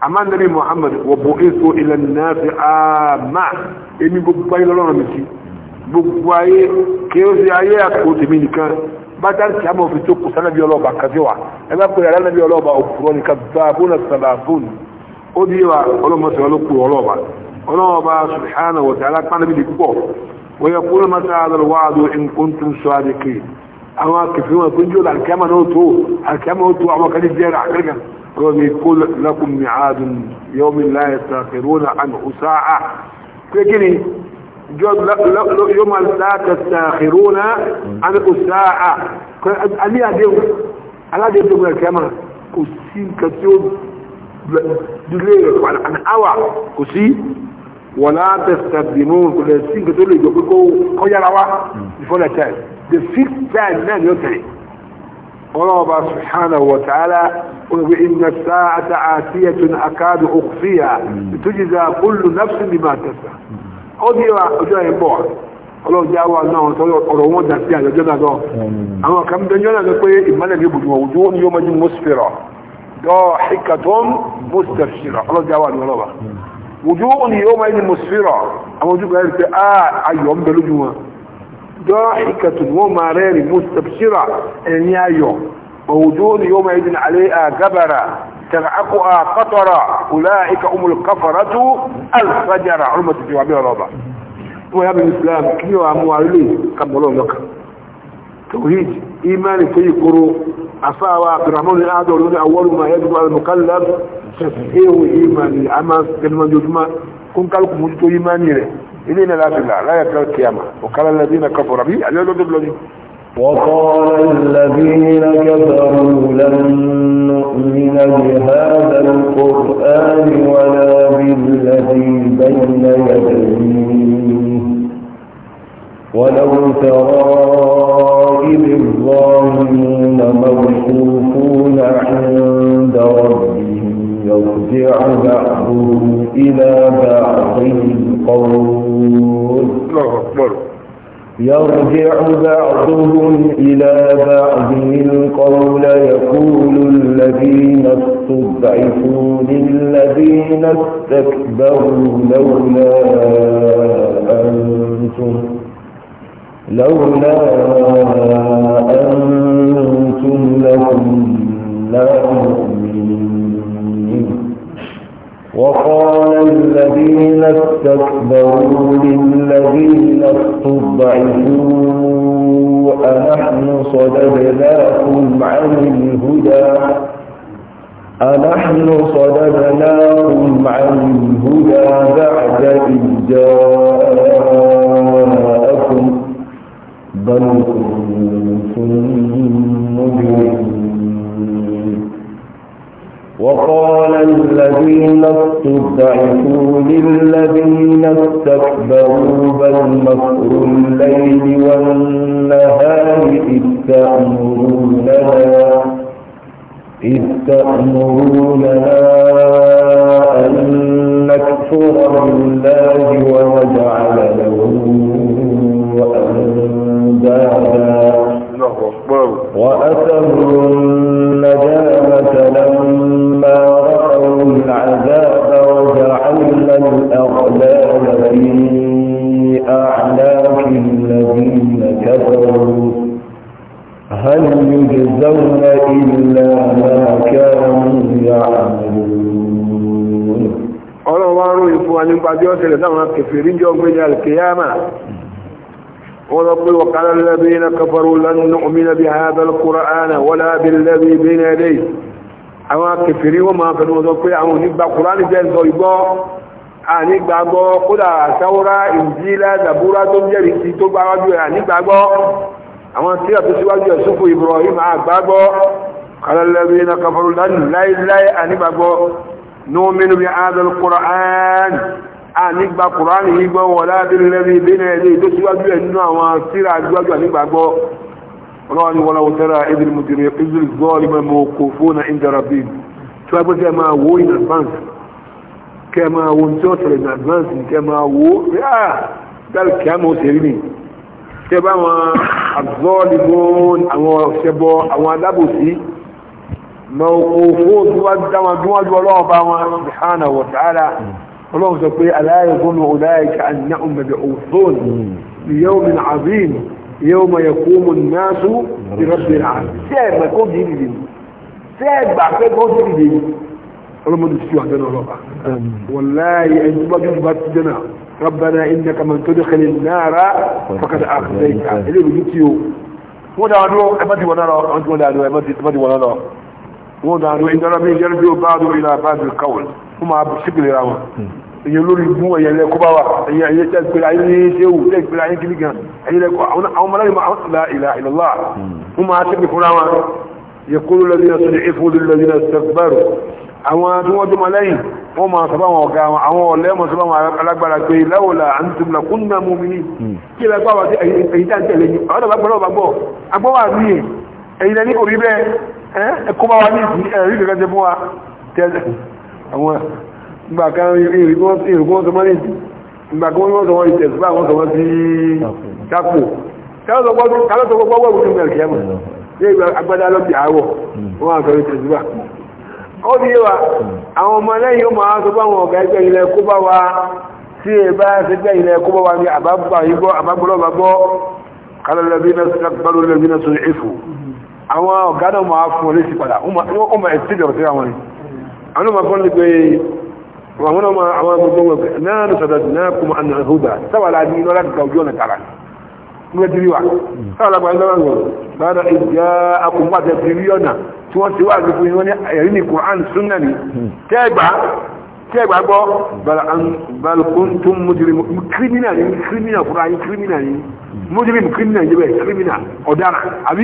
amándẹ́bí muhammad wọ̀bọ̀ èso ilẹ̀ náà fi àmà èmi gbogbo ayé lọ́rọ̀ mi sí gbogbo ولوما سبحانه وتعالى كان بيدي كبو ويقول متى هذا الوعد إن كنتم صادقين أما كفهما كنجول الكامة نوتو الكامة نوتو أما كان الجير عقلقا ويقول لكم ميعاد يوم لا يتاخرون عنه ساعة فكني جود يوم لا تستاخرون عنه ساعة كان أليا ديو ألا ديو من الكامة كسين كسيون dílé rẹ̀ an hour kò sí wọ̀lá tẹ̀sítàbìmù kò lè sí nǹkan tó lè jọ pé kó yára wá before the time the fifth time náà ni ó tẹ̀lé ọlọ́ọ̀bá subhanahu wa ta'ala iná sáàtà àtiyẹ̀tún akáàdù òkúfíà ìtújìzà kúlù náfsì ní máa tẹ̀sà ó ní wa ọjọ́ ẹ̀ bọ̀ ọlọ́ọ̀já wa náà sọ́rọ̀ ọ̀rọ̀ wọn dà sí àjọjọ́ náà lọ àwọn kan bẹ́ẹ̀ lọ pé ìmọ̀lẹ̀ ní ibùdó ọ̀wùdó ní yóò mọ́jú mọ́sífẹ́rọ̀ ضاحكة مستبشرة الله جواد والله وجوه يومئذ مسفرة أما وجوه قال لك آه أيوم بلجوة ضاحكة ومرار مستبشرة أن يوم ووجوه يومئذ عليها جبرة ترعقها قطرة أولئك أم القفرة الفجرة علمة الجواب والله ويا من الإسلام كيو أموالي كم بلون لك توحيد إيمان في قرو عصا وعبد الرحمن أول ما يجب على المقلب تفهيه إيمان العمل كلمة جزمة كن قالك مجد إيماني له إلينا لا بالله لا يكال القيامة وقال الذين كفروا به أجل الله وقال الذين كفروا لن نؤمن بهذا القرآن ولا بالذي بين يديه ولو ترى الظالمين موقوفون عند ربهم يرجع بعضهم إلى بعض القول يرجع بعضهم إلى بعض القول يقول الذين استضعفوا للذين استكبروا لولا أنتم لولا أنتم لا مؤمنين وقال الذين استكبروا للذين استضعفوا أنحن صددناكم عن الهدى أنحن صددناهم عن الهدى بعد إذ وقال الذين استضعفوا للذين استكبروا بل مكر الليل والنهار إذ تأمروننا إذ تأمروننا أن نكفر بالله ونجعل له أنفسنا النجاة وأسروا النجاة لما رأوا العذاب وجعلنا الأغلال في أعناق الذين كفروا هل يجزون إلا ما كانوا يعملون ọlọ́run wá ròyìn fún wa nípa bí ó ṣẹlẹ̀ sáwọn kẹfìrí jọ gbé ونقول وقال الذين كفروا لن نؤمن بهذا القرآن ولا بالذي بين يديه àwọn kèfèrí wọ́n máa fẹ̀lú ọ̀sọ̀ pé àwọn onígbà kùránì jẹ́ ìsọ ìgbọ́ ànígbàgbọ́ kódà sáwọ́rá ìjìlá dàbúrá tó jẹ́rìí sí tó bá ẹ̀ ànígbàgbọ́ àwọn tí a tó síwájú ẹ̀ sófò Ibrahim àgbàgbọ́ kàlẹ́lẹ́bí ànígbà kùránì igbọ́ wọ ládínlẹ́rí ìbínú ẹ̀lẹ́ tó síwájú ẹ̀ nínú àwọn síra àjúwájú ànígbàgbọ́ ọlọ́wọ́ni wọ́n lọ́wọ́ tẹ́ra ìdílé mùtìrì gọ́ọ̀lì mẹ́mọ́ kò fóònà ìjọrọ̀bí tí wọ́n gbẹ́sẹ̀ máa wó wọn àwọn فلوه تقول ألا يظن أولئك أنهم مبعوثون ليوم عظيم يوم يقوم الناس برب العالم سيب ما يكون ديني ديني سيب بعد ما يكون ديني ديني اللهم نسيو عندنا الله والله أنتم جذبت جنا ربنا إنك من تدخل النار فقد أخذيك إليه بجيتيو هو دعا نوع أمدي ونرى أنتم دعا نوع أمدي ونرى هو دعا نوع إن ربي جربي بعض إلى بعض القول wọ́n máa sípìlì ra wọn èyí olórí ibú ẹ̀yẹ lẹ́kọ́ bá wà ẹ̀yẹ ẹ̀yẹ tẹ́ pẹ̀lú ayé ní ṣéwù tẹ́ pẹ̀lú ayé kìlì gan ẹ̀yẹ lẹ́kọ́ àwọn ọmọláyìn máa ń la ìlà ìlọ́lá wọ́n máa sípìlì fúnra wọn yẹkúrú lọ́dún yẹn sọ́dún èfó lọ́dún yẹn sẹ́gbẹ̀rù àwọn tí wọ́n dúnmọ́ lẹ́yìn wọ́n máa sọ fáwọn ọ̀gá wọn àwọn ọ̀lẹ́ mọ̀ sọ fáwọn alágbára pé láwòlà à ń tìmọ̀lá kún náà mú mi ní kí ẹ àwọn ìgbà kan ìrìnkú wọn sọmọ́ ní ìgbà kan wọ́n sọmọ́ ní tẹ̀síwá wọn sọmọ́ sí kápò kálọ́sọ̀gbọ́ gbọ́ wọ́n ní ìgbà kẹmọ̀ ní ìgbà agbádá lọ́bì àárọ̀ wọ́n sọ ní tẹ̀síwá ó di yíwa àwọn ọmọ lẹ́yìn ó máa sọ fáwọn ọ̀gá ẹgbẹ́ ilẹ̀ kó bá wa tí ẹ bá ṣe gbẹ́ ilẹ̀ kó bá wa ní àbábà yíbọ́ àbábọ́lọ́bà gbọ́ kálọ́lọ́bí náà sọ àwọn ọmọ fọ́nlé pé àwọn ọmọ àwọn agbègbè wọn náà ló sọ̀dọ̀ náà kó mọ àná ìhúdà sáwà láti iná láti ka ojú ọ̀nà tààrà nígbà tí wà sáwà láti gbàgbọ́ wọn bára ìjà akùnfà tẹ fi rí ọ̀nà tí wọ́n ti wà ní fún wọn ní ẹ̀rí ní Qur'an sunna ni tẹ́gbà tẹ́gbà gbọ́ balùkún tún mujrim kírímìnà ni kírímìnà fúra yín ni mujrim kírímìnà yẹ bẹ́ẹ̀ kírímìnà ọ̀daràn àbí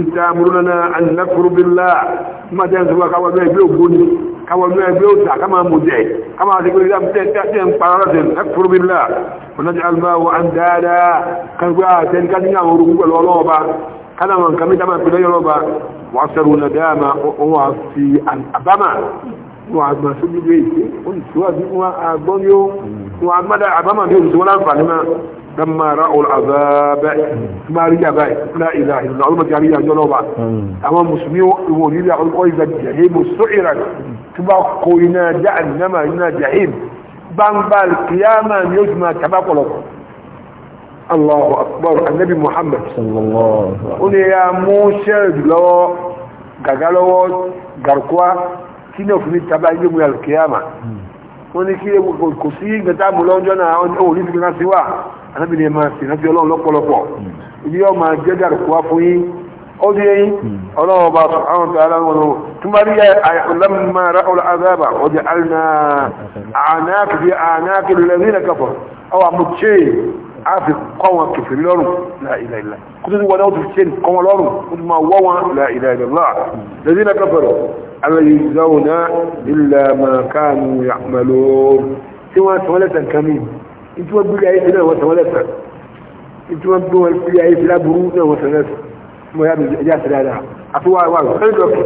ìtàmùrúnà àìlẹ́kùrúbílá máa jẹ́ ìṣẹ́gbà káwọn ẹgbẹ́ ẹgbẹ́ ògbóni káwọn ẹgbẹ́ ẹgbẹ́ òtà káwọn amòjẹ́ káwọn àti ìgbèrè tẹ́ ń parọ́ tẹ́ lẹ́kùrúbílá onájú alùbáwọ̀ àndáadá kágbà tẹ́nikánínà àwọn orúkú pẹ̀lú ọlọ́ọba káwọn nǹkan mẹ́ta máa pẹ̀lú ọlọ́ọba wọ́n sẹ́rù nà dáàmà wọ́n á fi àbámà wọ́n àgbà sójú لما رأوا العذاب ما رجع باي لا إله إلا الله ما جاري يجلو بعد أما المسلمين يقولون يقول قوي الجحيم سعرا تبقينا جهنم إنا جحيم بانبا القيامة يجمع تبقلق الله أكبر النبي محمد صلى الله عليه وسلم قل يا موسى لو قالوا قرقوا كنا في التبع يوم القيامة ونكي كسي قتام لونجنا ونقول لك نسوا anábìnrin máa sì rántí ọlọ́run lọ́pọ̀lọpọ̀ ibi yóò máa jẹ́ dàrú kó wá fún yín ó di yín ọlọ́run ọba àwọn tó ara wọn túmọ̀rí lẹ́mọ̀ rákọ̀lọ́ azába ọjà àrínà àánákìdí àánákìdí lẹ́rìn kẹfọ̀ ọwọ́ àmúché a fi kọ́ wọn kẹfìrí lọ́rùn láìláìlá kó tó ti wọlé ó ti ṣe kọ́ wọn lọ́rùn ó ti máa wọ́ wọn láìláìlá lẹ́rìn kẹfọ̀rọ̀ alẹ́ ìzáwọ̀n náà ilẹ̀ mọ̀kánù yàmẹ̀lò tí wọ́n ti wọ́n ìtú wọn gbélé ayé fi náà wọn sọ wọn lẹsẹ ìtú wọn gbé wọn gbélé ayé fi láburú náà wọn sọ wọn lẹsẹ mo yà bẹ ẹjẹ àti dáadáa àti wà wà ẹni dọkì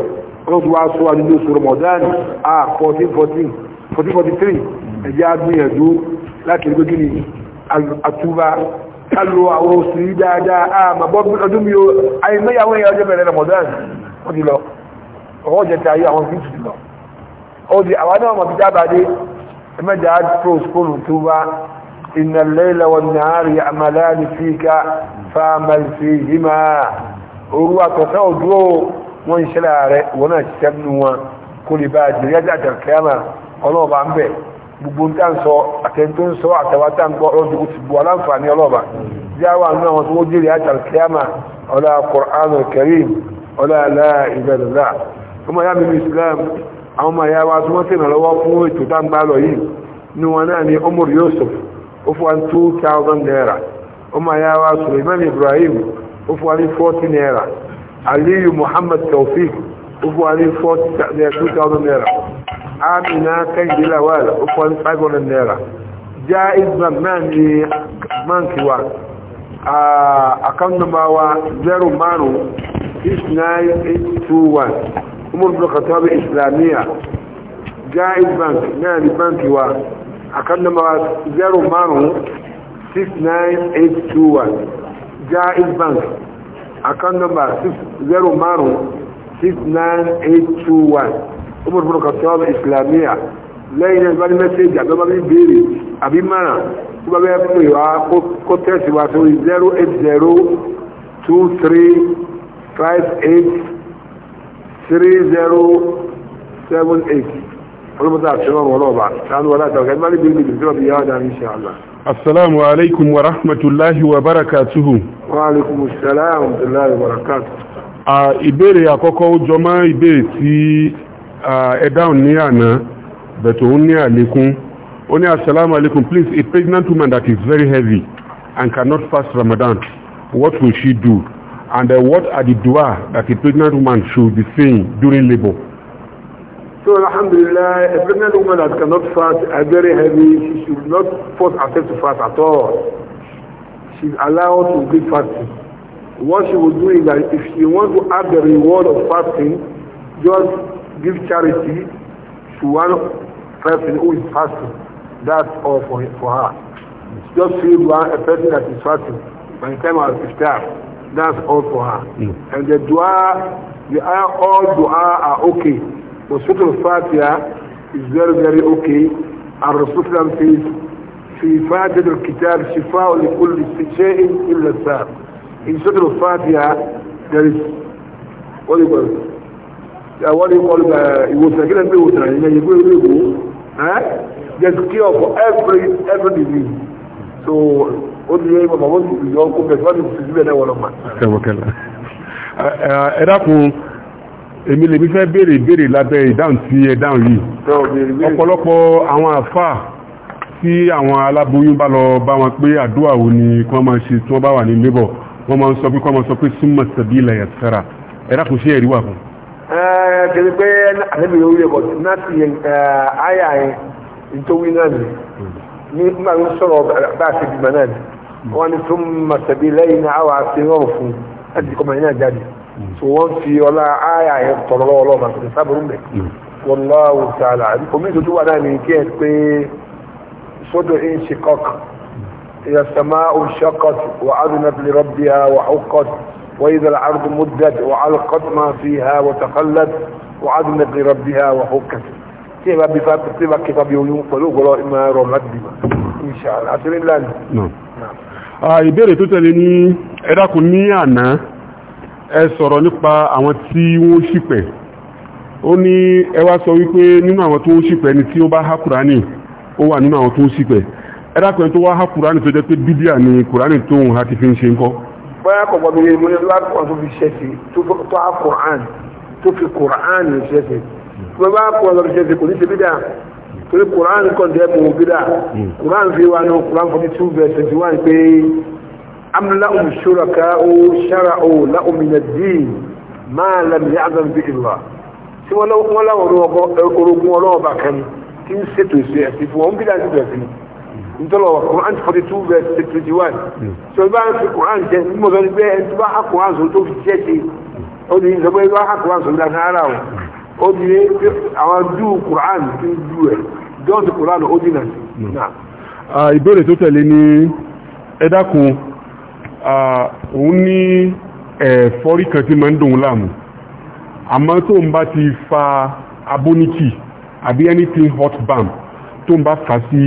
wọn tún sọ wà nínú oṣù rọmọdánì a fourteen fourteen fourteen forty three ẹjẹ agbóyànjú láti ẹgbẹ gíní àtúbà kálù àwọn oṣù yìí dáadáa a mà bọ́ ọdún mi o àyè mẹ́yàwó yẹn ọjọ́ bẹ̀rẹ̀ rọmọdánì wọ́n ti lọ ọwọ́ jẹta ayé àwọn fi ti lọ ó di àwọn náà mọ̀ إن الليل والنهار يعملان فيك فعمل فيهما أروا تسعدوا وانشلار ونشتبنوا كل بعد يجعت الكلام قلوبا به gbogbo tá ń sọ àtẹ́ntó ń sọ àtàwà tá ń gbọ́ ọdún ti bù aláǹfààní ọlọ́ba jáwà náà wọn tó ó jèrè àtàlkíyàmà ọlá kọ̀ránù kẹrìm ọlá aláìbẹ̀lẹ̀lá ọmọ ya mímú islam àwọn ọmọ ya wa tó wọ́n tẹ̀nà lọ́wọ́ fún ètò tá ń gbá lọ yìí ni wọn náà ni Umar Yusuf Of one two thousand naira ọmọ ayá wa Suleiman Ibrahim of one wa forty naira Aliyu Muhammad Taofik of one forty two thousand naira Amina Kẹ́hìndé Lawal ó fún five hundred naira Jaiz Bank náà ní báńkì wa account number wa zero márùn six nine eight two one Umar bin Khattab Islamiyya Jaiz Bank náà ní báńkì wa akan number 0569821 Jaiz Bank akan number 0569821 Umar bin Khattab Islamia lẹ́yìn ẹgbẹ́ ní mẹ́sẹ̀jì àbẹ́bá bí béèrè àbí mara tó bá bẹ́ẹ̀ pè wá kó tẹ́sì wá sórí 08023583078 السلام عليكم ورحمة الله وبركاته وعليكم السلام ورحمة الله وبركاته ìbéèrè àkọ́kọ́ ó jọmọ́ ìbéèrè tí ẹ̀dáhùn ní àná bẹ̀tọ̀ ó ní àlékún ó assalamu alaikum please a pregnant woman that is very heavy and cannot fast Ramadan what will she do and uh, what are the dua that a pregnant woman should be saying during labor So alhamdulillah, a pregnant woman that cannot fast are very heavy. She should not force herself to fast at all. She's allowed to be fasting. What she will do is that if she wants to add the reward of fasting, just give charity to one person who is fasting. That's all for, for her. Just feed one a person that is fasting by the time of iftar. That's all for her. Mm. And the dua, the all dua are okay. وسورة الفاتحة is very very okay الرسول صلى الله عليه وسلم في فاتحة الكتاب شفاء لكل شيء إلا السام in سورة الفاتحة there is what do you call it what do you call it ìwòsàn kí lẹ́nu pé ìwòsàn àyẹ̀yẹ̀ yẹ̀ gbé ìwò there is cure for every every disease so ó ti yẹ ìwọ̀n bàbá ó ti yọ ọkọ̀ bẹ̀rẹ̀ wọ́n ti fi síbẹ̀ náà wọ́n lọ́mọ. ẹ dákun èmi lèmi fẹ́ béèrè béèrè lábẹ́ ìdáhùn tí ẹ dáhùn yìí ọ̀pọ̀lọpọ̀ àwọn àfáà tí àwọn aláboyún bá lọ bá wọn pé àdúrà wo ni kí wọ́n máa ṣe tí wọ́n bá wà ní labour wọ́n máa ń sọ pé kí wọ́n máa sọ pé súnmọ̀ tàbí ilẹ̀ yàtàrà ẹ̀rá kò ṣe ẹ̀rí wà fún. kìí pé àlébì yóò yẹ bọ̀ láti àyà yẹn nítorí náà ni ní máa ń sọ̀rọ̀ bá a ṣe dìgbà náà ni wọ́n ní súnmọ̀ tàbí lẹ́yìn náà àwọn àṣeyọ̀rọ̀ fún láti kọ́mọ̀ yẹn náà jáde so wọ́n fi ọlá àyà yẹn tọrọ lọ́wọ́ lọ́wọ́ bàtà ní sábà rúmbẹ̀ hmm. wallahu ta'ala àdìpọ̀ mi tuntun wà náà ní kí ẹ pé sọ́dọ̀ in shikok ìyá sàmá òṣàkọt wà adùnàt lè rabbiha wà ọkọt wà ìdà àrùn muddat wà alqat ma fiha wà taqallat wà adùnàt lè rabbiha wà ọkọt tí ẹ bá bí fáfi tí ẹ bá kẹfà bí oyún pẹ̀lú ògbọ́lọ́ ìmọ̀ ẹ̀rọ láti dìbò insha Allah àti ní ẹ sọ̀rọ̀ nípa àwọn tí wọ́n ṣìpẹ̀ ó ní ẹ wá sọ wípé nínú àwọn tó ń ṣìpẹ̀ ni tí ó bá há kùránì ó wà nínú àwọn tó ń ṣìpẹ̀ ẹ dákùnrin tó wá há kùránì tó jẹ́ pé bídíà ni kùránì tó ń ha ti fi ń ṣe ń kọ́. bóyá kọ̀kọ́ mi mo ní láti kọ́ tó fi ṣẹ̀ṣẹ̀ tó há kùránì tó fi kùránì ṣẹ̀ṣẹ̀ tó bá kọ́ tó fi ṣẹ̀ṣẹ̀ kò ní ṣe bídíà torí kùránì kọ́ أم لهم شركاء شرعوا لهم من الدين ما لم يعظم به الله سوى لو ولا أرقوا ولا بكن كن ستو سيأتي فهم بلا ستو سيأتي انت الله القرآن 42 verse 21 سوى بقى في القرآن مغربية انت بقى القرآن سلطو في السيأتي ó di ìjọba ìgbà àkùrán sọ̀rọ̀ ìdáná ara wọn ó di àwọn dú kùrán tí ń dú ẹ̀ dọ́ọ̀tì kùrán ó dínà sí. ìbéèrè tó tẹ̀lé ní ẹ dákun òun ní ẹ̀fọ́rí kan tí ma ń dùn láàmú àmọ́ tó ń bá ti fa abóníkì àbí anything hot bam, tó ń bá fà sí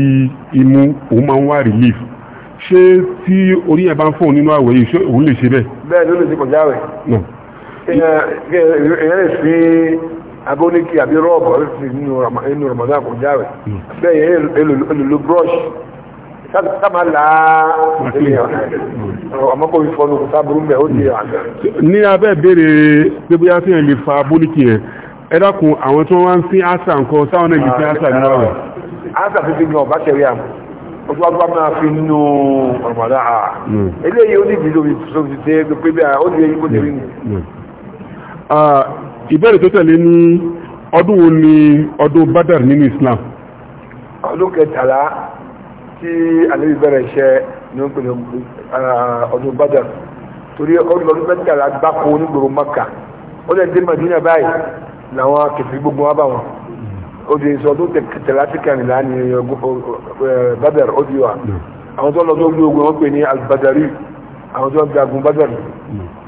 imú òun máa ń wá relief ṣé tí orí ẹ̀ bá ń fóun nínú àwẹ̀ yìí ṣé òun lè ṣe bẹ́ẹ̀. bẹ́ẹ̀ ló lè ṣe kọjá rẹ̀ èèyàn lè fi abóníkì àbí rọ́ọ̀bù nínú Ramadan kọjá rẹ̀ bẹ́ẹ̀ èèyàn lè lo brush sábà láà ọmọkọ̀ ìfọ̀nù sábúrú mẹ́ ó di àgbà. ní abẹ́ ìbéèrè gbogbo yá sí ẹ̀ lè fa bólíkì ẹ̀ ẹ dákun àwọn tí wọ́n wá ń sí asa nǹkan sáwọn náà yìí sí àṣà nínú ọ̀rọ̀. àṣà fífi gan ọba ṣẹ̀rí àmọ́ ojú agbá máa fi nínú ọ̀rọ̀mọ̀dá à hmm. eléyìí ó ní ìdí lórí sóbi tẹ́ pé bí ó ní eyín kó ti rí ni. Hmm. Hmm. ìbéèrè tó tẹ̀lé ní ọdún wo ni ọdún badar nínú Islam. ọdún kẹtàlá tí àlejò bẹ̀rẹ̀ iṣẹ́ ní wọ́n pèlè ah, ọdún bàdàn torí ọdún ọdún mẹ́ta la gbáko onígboro maka ó lè dé madina báyìí làwọn kẹfì gbogbo wa bá wọn ó di sọ ọdún tẹ̀lá sí kẹrìnlá ní eh, bàdàn ó di wa àwọn tó lọ tó gbé ogun wọn pè ní albadari àwọn tó jagun bàdàn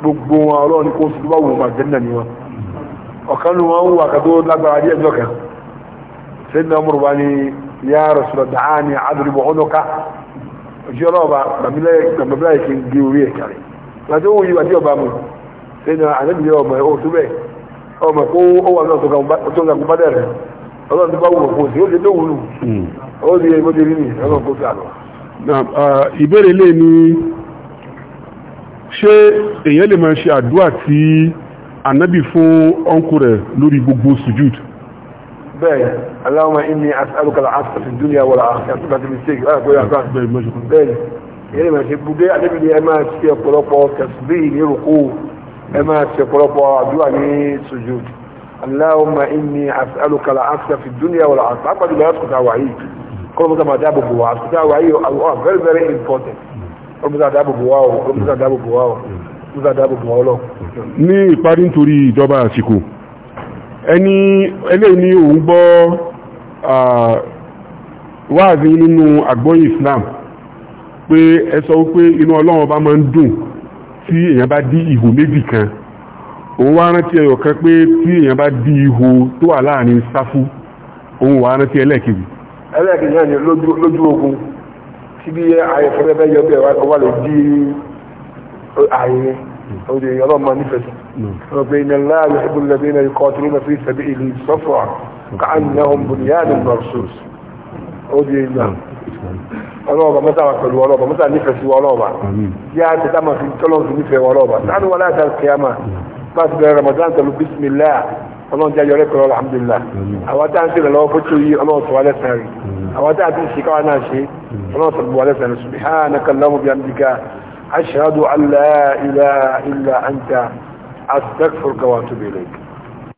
gbogbo wọn ọlọ́run kó sùn bá wù màdínà ni wọn ọ̀kan ni wọn wù àkàtó lágbára díẹ̀ jọ kan sẹ́yìn náà mọ̀rọ̀ wá ní ya rasulọ dàáni adùrùbọ̀ ọdọ́ká òjì ọlọ́ọ̀bá gbàmílẹ̀ kí n gé orí ẹ̀ kàrí láti ó wùyí àti ọba mu sẹ́yìn àdébìyẹ ọmọ ẹ̀ òtú bẹ́ẹ̀ ọmọ kó ó wà náà tó ga gbọ́dẹ̀ rẹ̀ ọlọ́run tó bá wù ọ̀pọ̀ sí ó lè tó wùlù ó lè bó ti rí ni ọlọ́run kó sàlọ. ìbéèrè lè ní ṣé èèyàn gbogbo bẹ́ẹ̀ aláwọ̀ inú asálùkàlà asàfi dúnìyà wọ̀lá àti mistake láti pẹ̀lú àgbà bẹ́ẹ̀ yẹ́nì máa ṣe bùdé adébìlì ẹ máa ṣe ọ̀pọ̀lọpọ̀ kẹsìbí ní rúkú ẹ máa ṣe ọ̀pọ̀lọpọ̀ àdúrà ní sojú aláwọ̀ inú asálùkàlà asàfi dúnìyà wọ̀lá àti pàápàá jùlọ àsìkò táwa yìí kọ́ ló mọ́tà dáàbò bò wá àsìkò táwa yìí are very very important kọ́ ló mọ́tà dáàbò bò wá o kọ́ ló mọ́tà dáàbò bò wá o ní ìparí nítorí ìjọba àsìkò ẹni eléyìí ni òun gbọ́ wáàzí nínú àgbọ́yìn Islam pé ẹ sọ wípé inú ọlọ́run bá ń dùn tí èyàn bá dí ihò méjì kan òun wá rántí pé tí èyàn bá dí ihò tó wà láàrin sáfú òun wá rántí náà ni lójú ogun tí bí وبين نعم. الله يحب الذين يقاتلون في سبيله صفعا كأنهم بنيان مرسوس أودي الله ولوبا نعم. متى أكل ولوبا متى نفس ولوبا يا تتمى في كلهم في نفس ولوبا تعالوا ولا تل قيامة نعم. بس برمضان تلو بسم الله الله جاي يريك الله الحمد لله أودا أنت لو فتو يي الله سوالة سهري أودا أنت سيكوا ناشي الله سوالة سهري سبحانك اللهم بأمدك أشهد أن لا إله إلا أنت أستغفرك وأتوب إليك